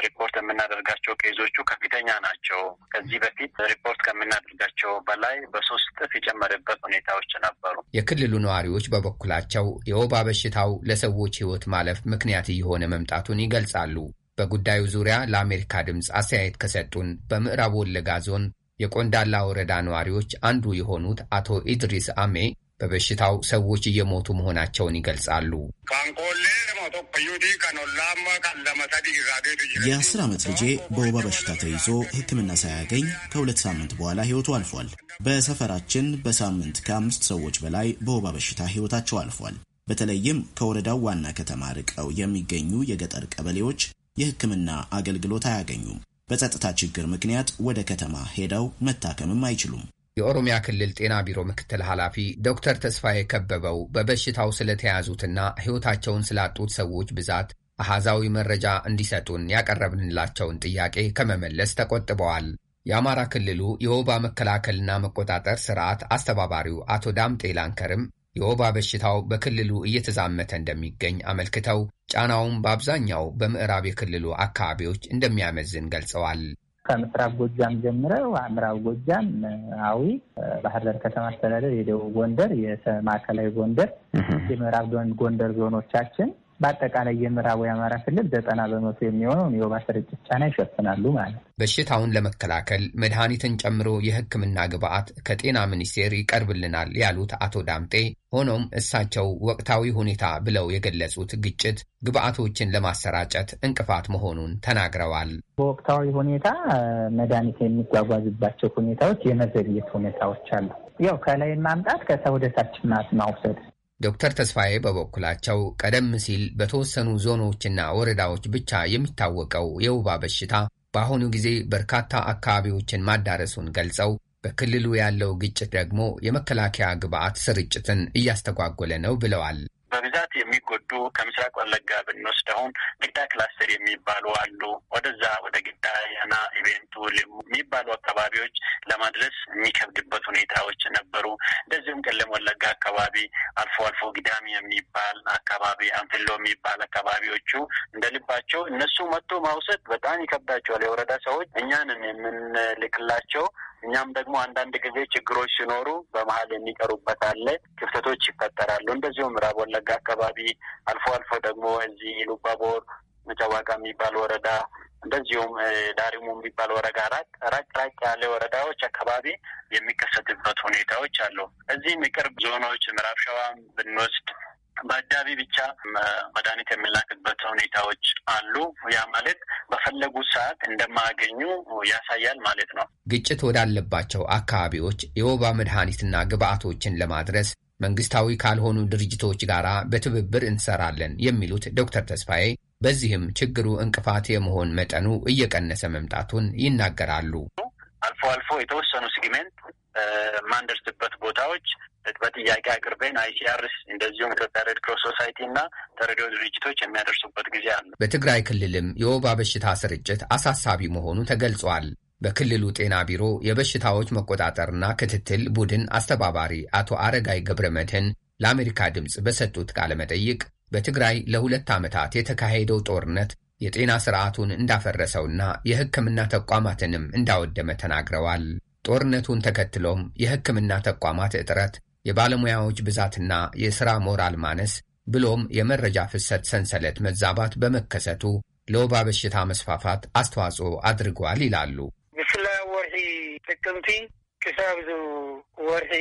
ሪፖርት የምናደርጋቸው ኬዞቹ ከፍተኛ ናቸው። ከዚህ በፊት ሪፖርት ከምናደርጋቸው በላይ በሶስት እጥፍ የጨመረበት ሁኔታዎች ነበሩ። የክልሉ ነዋሪዎች በበኩላቸው የወባ በሽታው ለሰዎች ሕይወት ማለፍ ምክንያት እየሆነ መምጣቱን ይገልጻሉ። በጉዳዩ ዙሪያ ለአሜሪካ ድምፅ አስተያየት ከሰጡን በምዕራብ ወለጋ ዞን የቆንዳላ ወረዳ ነዋሪዎች አንዱ የሆኑት አቶ ኢድሪስ አሜ በበሽታው ሰዎች እየሞቱ መሆናቸውን ይገልጻሉ። የአስር ዓመት ልጄ በወባ በሽታ ተይዞ ሕክምና ሳያገኝ ከሁለት ሳምንት በኋላ ሕይወቱ አልፏል። በሰፈራችን በሳምንት ከአምስት ሰዎች በላይ በወባ በሽታ ሕይወታቸው አልፏል። በተለይም ከወረዳው ዋና ከተማ ርቀው የሚገኙ የገጠር ቀበሌዎች የሕክምና አገልግሎት አያገኙም። በጸጥታ ችግር ምክንያት ወደ ከተማ ሄደው መታከምም አይችሉም። የኦሮሚያ ክልል ጤና ቢሮ ምክትል ኃላፊ ዶክተር ተስፋዬ ከበበው በበሽታው ስለተያዙትና ሕይወታቸውን ስላጡት ሰዎች ብዛት አሃዛዊ መረጃ እንዲሰጡን ያቀረብንላቸውን ጥያቄ ከመመለስ ተቆጥበዋል። የአማራ ክልሉ የወባ መከላከልና መቆጣጠር ስርዓት አስተባባሪው አቶ ዳምጤ ላንከርም የወባ በሽታው በክልሉ እየተዛመተ እንደሚገኝ አመልክተው ጫናውም በአብዛኛው በምዕራብ የክልሉ አካባቢዎች እንደሚያመዝን ገልጸዋል። ከምስራብ ጎጃም ጀምረው ምዕራብ ጎጃም፣ አዊ፣ ባህር ዳር ከተማ አስተዳደር፣ የደቡብ ጎንደር፣ የማዕከላዊ ጎንደር፣ የምዕራብ ጎንደር ዞኖቻችን በአጠቃላይ የምዕራቡ የአማራ ክልል ዘጠና በመቶ የሚሆነውን የወባ ስርጭት ጫና ይሸፍናሉ ማለት ነው። በሽታውን ለመከላከል መድኃኒትን ጨምሮ የሕክምና ግብዓት ከጤና ሚኒስቴር ይቀርብልናል ያሉት አቶ ዳምጤ፣ ሆኖም እሳቸው ወቅታዊ ሁኔታ ብለው የገለጹት ግጭት ግብዓቶችን ለማሰራጨት እንቅፋት መሆኑን ተናግረዋል። በወቅታዊ ሁኔታ መድኃኒት የሚጓጓዝባቸው ሁኔታዎች የመዘግየት ሁኔታዎች አሉ። ያው ከላይ ማምጣት ከሰው ወደ ማውሰድ ዶክተር ተስፋዬ በበኩላቸው ቀደም ሲል በተወሰኑ ዞኖችና ወረዳዎች ብቻ የሚታወቀው የውባ በሽታ በአሁኑ ጊዜ በርካታ አካባቢዎችን ማዳረሱን ገልጸው በክልሉ ያለው ግጭት ደግሞ የመከላከያ ግብዓት ስርጭትን እያስተጓጎለ ነው ብለዋል። በብዛት የሚጎዱ ከምስራቅ ወለጋ ብንወስድ አሁን ግዳ ክላስተር የሚባሉ አሉ። ወደዛ ወደ ግዳ ያና፣ ኢቬንቱ የሚባሉ አካባቢዎች ለማድረስ የሚከብድበት ሁኔታዎች ነበሩ። እንደዚሁም ቀለም ወለጋ አካባቢ አልፎ አልፎ ግዳም የሚባል አካባቢ፣ አንፍሎ የሚባል አካባቢዎቹ እንደ ልባቸው እነሱ መጥቶ ማውሰድ በጣም ይከብዳቸዋል። የወረዳ ሰዎች እኛንን የምንልክላቸው እኛም ደግሞ አንዳንድ ጊዜ ችግሮች ሲኖሩ በመሀል የሚቀሩበት አለ፣ ክፍተቶች ይፈጠራሉ። እንደዚሁም ምዕራብ ወለጋ አካባቢ አልፎ አልፎ ደግሞ እዚህ ኢሉባቦር መጫዋቃ የሚባል ወረዳ እንደዚሁም ዳሪሙ የሚባል ወረዳ ራቅ ራቅ ራቅ ያለ ወረዳዎች አካባቢ የሚከሰትበት ሁኔታዎች አሉ። እዚህም ቅርብ ዞኖች ምዕራብ ሸዋም ብንወስድ በአጃቢ ብቻ መድኃኒት የሚላክበት ሁኔታዎች አሉ። ያ ማለት በፈለጉት ሰዓት እንደማያገኙ ያሳያል ማለት ነው። ግጭት ወዳለባቸው አካባቢዎች የወባ መድኃኒትና ግብአቶችን ለማድረስ መንግስታዊ ካልሆኑ ድርጅቶች ጋር በትብብር እንሰራለን የሚሉት ዶክተር ተስፋዬ በዚህም ችግሩ እንቅፋት የመሆን መጠኑ እየቀነሰ መምጣቱን ይናገራሉ። አልፎ አልፎ የተወሰኑ ሲግሜንት ማንደርስበት ቦታዎች በጥያቄ አቅርበን አይሲአርስ እንደዚሁም ኢትዮጵያ ሬድ ክሮስ ሶሳይቲ እና ተረዶ ድርጅቶች የሚያደርሱበት ጊዜ አለ። በትግራይ ክልልም የወባ በሽታ ስርጭት አሳሳቢ መሆኑ ተገልጿል። በክልሉ ጤና ቢሮ የበሽታዎች መቆጣጠርና ክትትል ቡድን አስተባባሪ አቶ አረጋይ ገብረ መድህን ለአሜሪካ ድምፅ በሰጡት ቃለ መጠይቅ በትግራይ ለሁለት ዓመታት የተካሄደው ጦርነት የጤና ስርዓቱን እንዳፈረሰውና የሕክምና ተቋማትንም እንዳወደመ ተናግረዋል። ጦርነቱን ተከትሎም የሕክምና ተቋማት እጥረት የባለሙያዎች ብዛትና የሥራ ሞራል ማነስ ብሎም የመረጃ ፍሰት ሰንሰለት መዛባት በመከሰቱ ለወባ በሽታ መስፋፋት አስተዋጽኦ አድርጓል ይላሉ። ምስለ ወርሒ ጥቅምቲ ክሳብ ወርሒ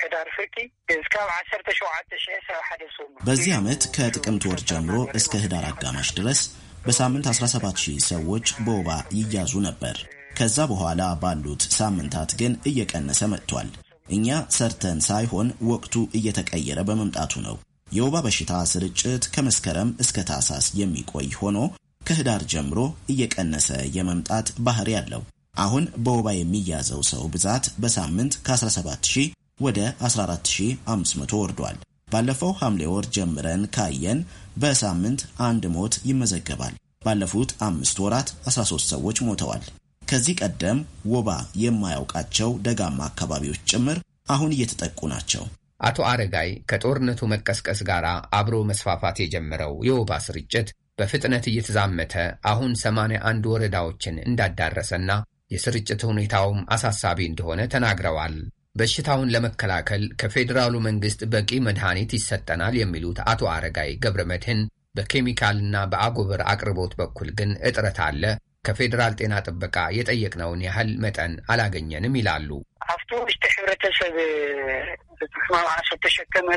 ሕዳር ፍርቂ እስካብ ዓሰርተ ሸውዓተ ሽሕ ሰብ ሓደ ሰሙ በዚህ ዓመት ከጥቅምት ወር ጀምሮ እስከ ህዳር አጋማሽ ድረስ በሳምንት 17000 ሰዎች በወባ ይያዙ ነበር። ከዛ በኋላ ባሉት ሳምንታት ግን እየቀነሰ መጥቷል። እኛ ሰርተን ሳይሆን ወቅቱ እየተቀየረ በመምጣቱ ነው። የወባ በሽታ ስርጭት ከመስከረም እስከ ታህሳስ የሚቆይ ሆኖ ከህዳር ጀምሮ እየቀነሰ የመምጣት ባህሪ አለው። አሁን በወባ የሚያዘው ሰው ብዛት በሳምንት ከ17000 ወደ 14500 ወርዷል። ባለፈው ሐምሌ ወር ጀምረን ካየን በሳምንት አንድ ሞት ይመዘገባል። ባለፉት አምስት ወራት 13 ሰዎች ሞተዋል። ከዚህ ቀደም ወባ የማያውቃቸው ደጋማ አካባቢዎች ጭምር አሁን እየተጠቁ ናቸው። አቶ አረጋይ ከጦርነቱ መቀስቀስ ጋር አብሮ መስፋፋት የጀመረው የወባ ስርጭት በፍጥነት እየተዛመተ አሁን 81 አንድ ወረዳዎችን እንዳዳረሰና የስርጭት ሁኔታውም አሳሳቢ እንደሆነ ተናግረዋል። በሽታውን ለመከላከል ከፌዴራሉ መንግሥት በቂ መድኃኒት ይሰጠናል የሚሉት አቶ አረጋይ ገብረ መድህን በኬሚካልና በአጎበር አቅርቦት በኩል ግን እጥረት አለ፣ ከፌዴራል ጤና ጥበቃ የጠየቅነውን ያህል መጠን አላገኘንም ይላሉ። ኣብቲ ውስጥ ሕብረተሰብ ሕማማት ተሸከመ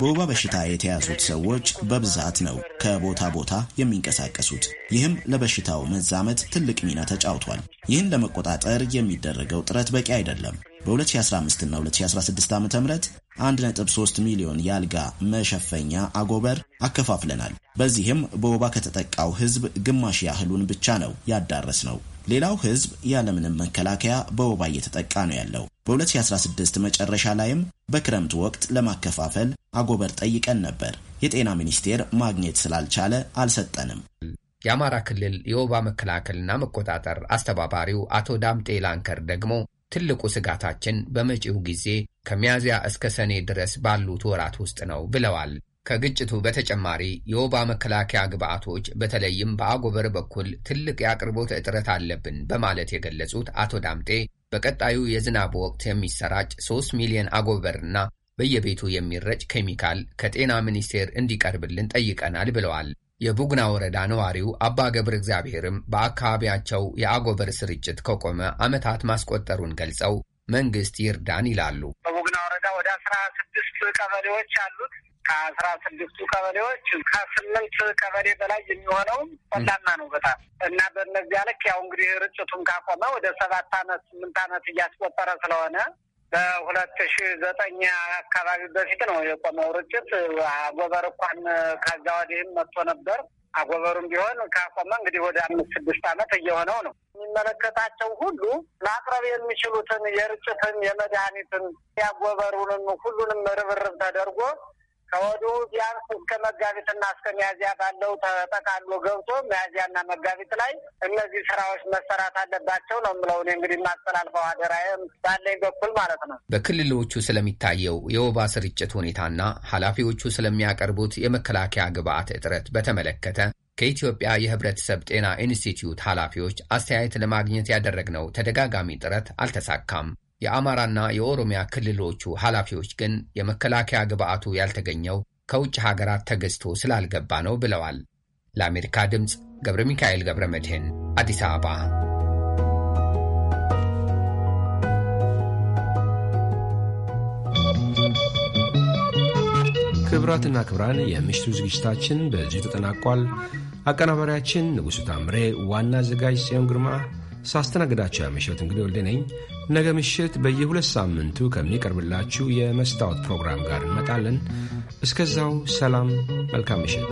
በወባ በሽታ የተያዙት ሰዎች በብዛት ነው ከቦታ ቦታ የሚንቀሳቀሱት። ይህም ለበሽታው መዛመት ትልቅ ሚና ተጫውቷል። ይህን ለመቆጣጠር የሚደረገው ጥረት በቂ አይደለም። በ2015 እና 2016 ዓ ም 1.3 ሚሊዮን የአልጋ መሸፈኛ አጎበር አከፋፍለናል። በዚህም በወባ ከተጠቃው ህዝብ ግማሽ ያህሉን ብቻ ነው ያዳረስ ነው። ሌላው ህዝብ ያለምንም መከላከያ በወባ እየተጠቃ ነው ያለው። በ2016 መጨረሻ ላይም በክረምት ወቅት ለማከፋፈል አጎበር ጠይቀን ነበር። የጤና ሚኒስቴር ማግኘት ስላልቻለ አልሰጠንም። የአማራ ክልል የወባ መከላከልና መቆጣጠር አስተባባሪው አቶ ዳምጤ ላንከር ደግሞ ትልቁ ስጋታችን በመጪው ጊዜ ከሚያዝያ እስከ ሰኔ ድረስ ባሉት ወራት ውስጥ ነው ብለዋል። ከግጭቱ በተጨማሪ የወባ መከላከያ ግብዓቶች በተለይም በአጎበር በኩል ትልቅ የአቅርቦት እጥረት አለብን በማለት የገለጹት አቶ ዳምጤ በቀጣዩ የዝናብ ወቅት የሚሰራጭ 3 ሚሊዮን አጎበርና በየቤቱ የሚረጭ ኬሚካል ከጤና ሚኒስቴር እንዲቀርብልን ጠይቀናል ብለዋል። የቡግና ወረዳ ነዋሪው አባ ገብረ እግዚአብሔርም በአካባቢያቸው የአጎበር ስርጭት ከቆመ ዓመታት ማስቆጠሩን ገልጸው መንግስት ይርዳን ይላሉ። በቡግና ወረዳ ወደ አስራ ስድስት ቀበሌዎች አሉት። ከአስራ ስድስቱ ቀበሌዎች ከስምንት ቀበሌ በላይ የሚሆነው ቆላማ ነው በጣም እና በእነዚያ ልክ ያው እንግዲህ ርጭቱን ካቆመ ወደ ሰባት አመት ስምንት አመት እያስቆጠረ ስለሆነ በሁለት ሺ ዘጠኝ አካባቢ በፊት ነው የቆመው ርጭት። አጎበር እንኳን ከዛ ወዲህም መጥቶ ነበር። አጎበሩም ቢሆን ካቆመ እንግዲህ ወደ አምስት ስድስት ዓመት እየሆነው ነው። የሚመለከታቸው ሁሉ ማቅረብ የሚችሉትን የርጭትን፣ የመድኃኒትን፣ ያጎበሩንም ሁሉንም ርብርብ ተደርጎ ከወዲሁ ቢያንስ እስከ መጋቢትና እስከ ሚያዚያ ባለው ተጠቃሎ ገብቶ ሚያዚያና መጋቢት ላይ እነዚህ ስራዎች መሰራት አለባቸው ነው የምለው። እኔ እንግዲህ የማስተላልፈው አደራዬም ባለኝ በኩል ማለት ነው። በክልሎቹ ስለሚታየው የወባ ስርጭት ሁኔታና ኃላፊዎቹ ስለሚያቀርቡት የመከላከያ ግብዓት እጥረት በተመለከተ ከኢትዮጵያ የሕብረተሰብ ጤና ኢንስቲትዩት ኃላፊዎች አስተያየት ለማግኘት ያደረግነው ተደጋጋሚ ጥረት አልተሳካም። የአማራና የኦሮሚያ ክልሎቹ ኃላፊዎች ግን የመከላከያ ግብዓቱ ያልተገኘው ከውጭ ሀገራት ተገዝቶ ስላልገባ ነው ብለዋል። ለአሜሪካ ድምፅ ገብረ ሚካኤል ገብረ መድህን አዲስ አበባ። ክብራትና ክብራን የምሽቱ ዝግጅታችን በዚሁ ተጠናቋል። አቀናባሪያችን ንጉሥ ታምሬ፣ ዋና አዘጋጅ ጽዮን ግርማ ሳስተናግዳቸው ያመሸሁት እንግዲህ ወልዴ ነኝ። ነገ ምሽት በየሁለት ሳምንቱ ከሚቀርብላችሁ የመስታወት ፕሮግራም ጋር እንመጣለን። እስከዛው ሰላም፣ መልካም ምሽት።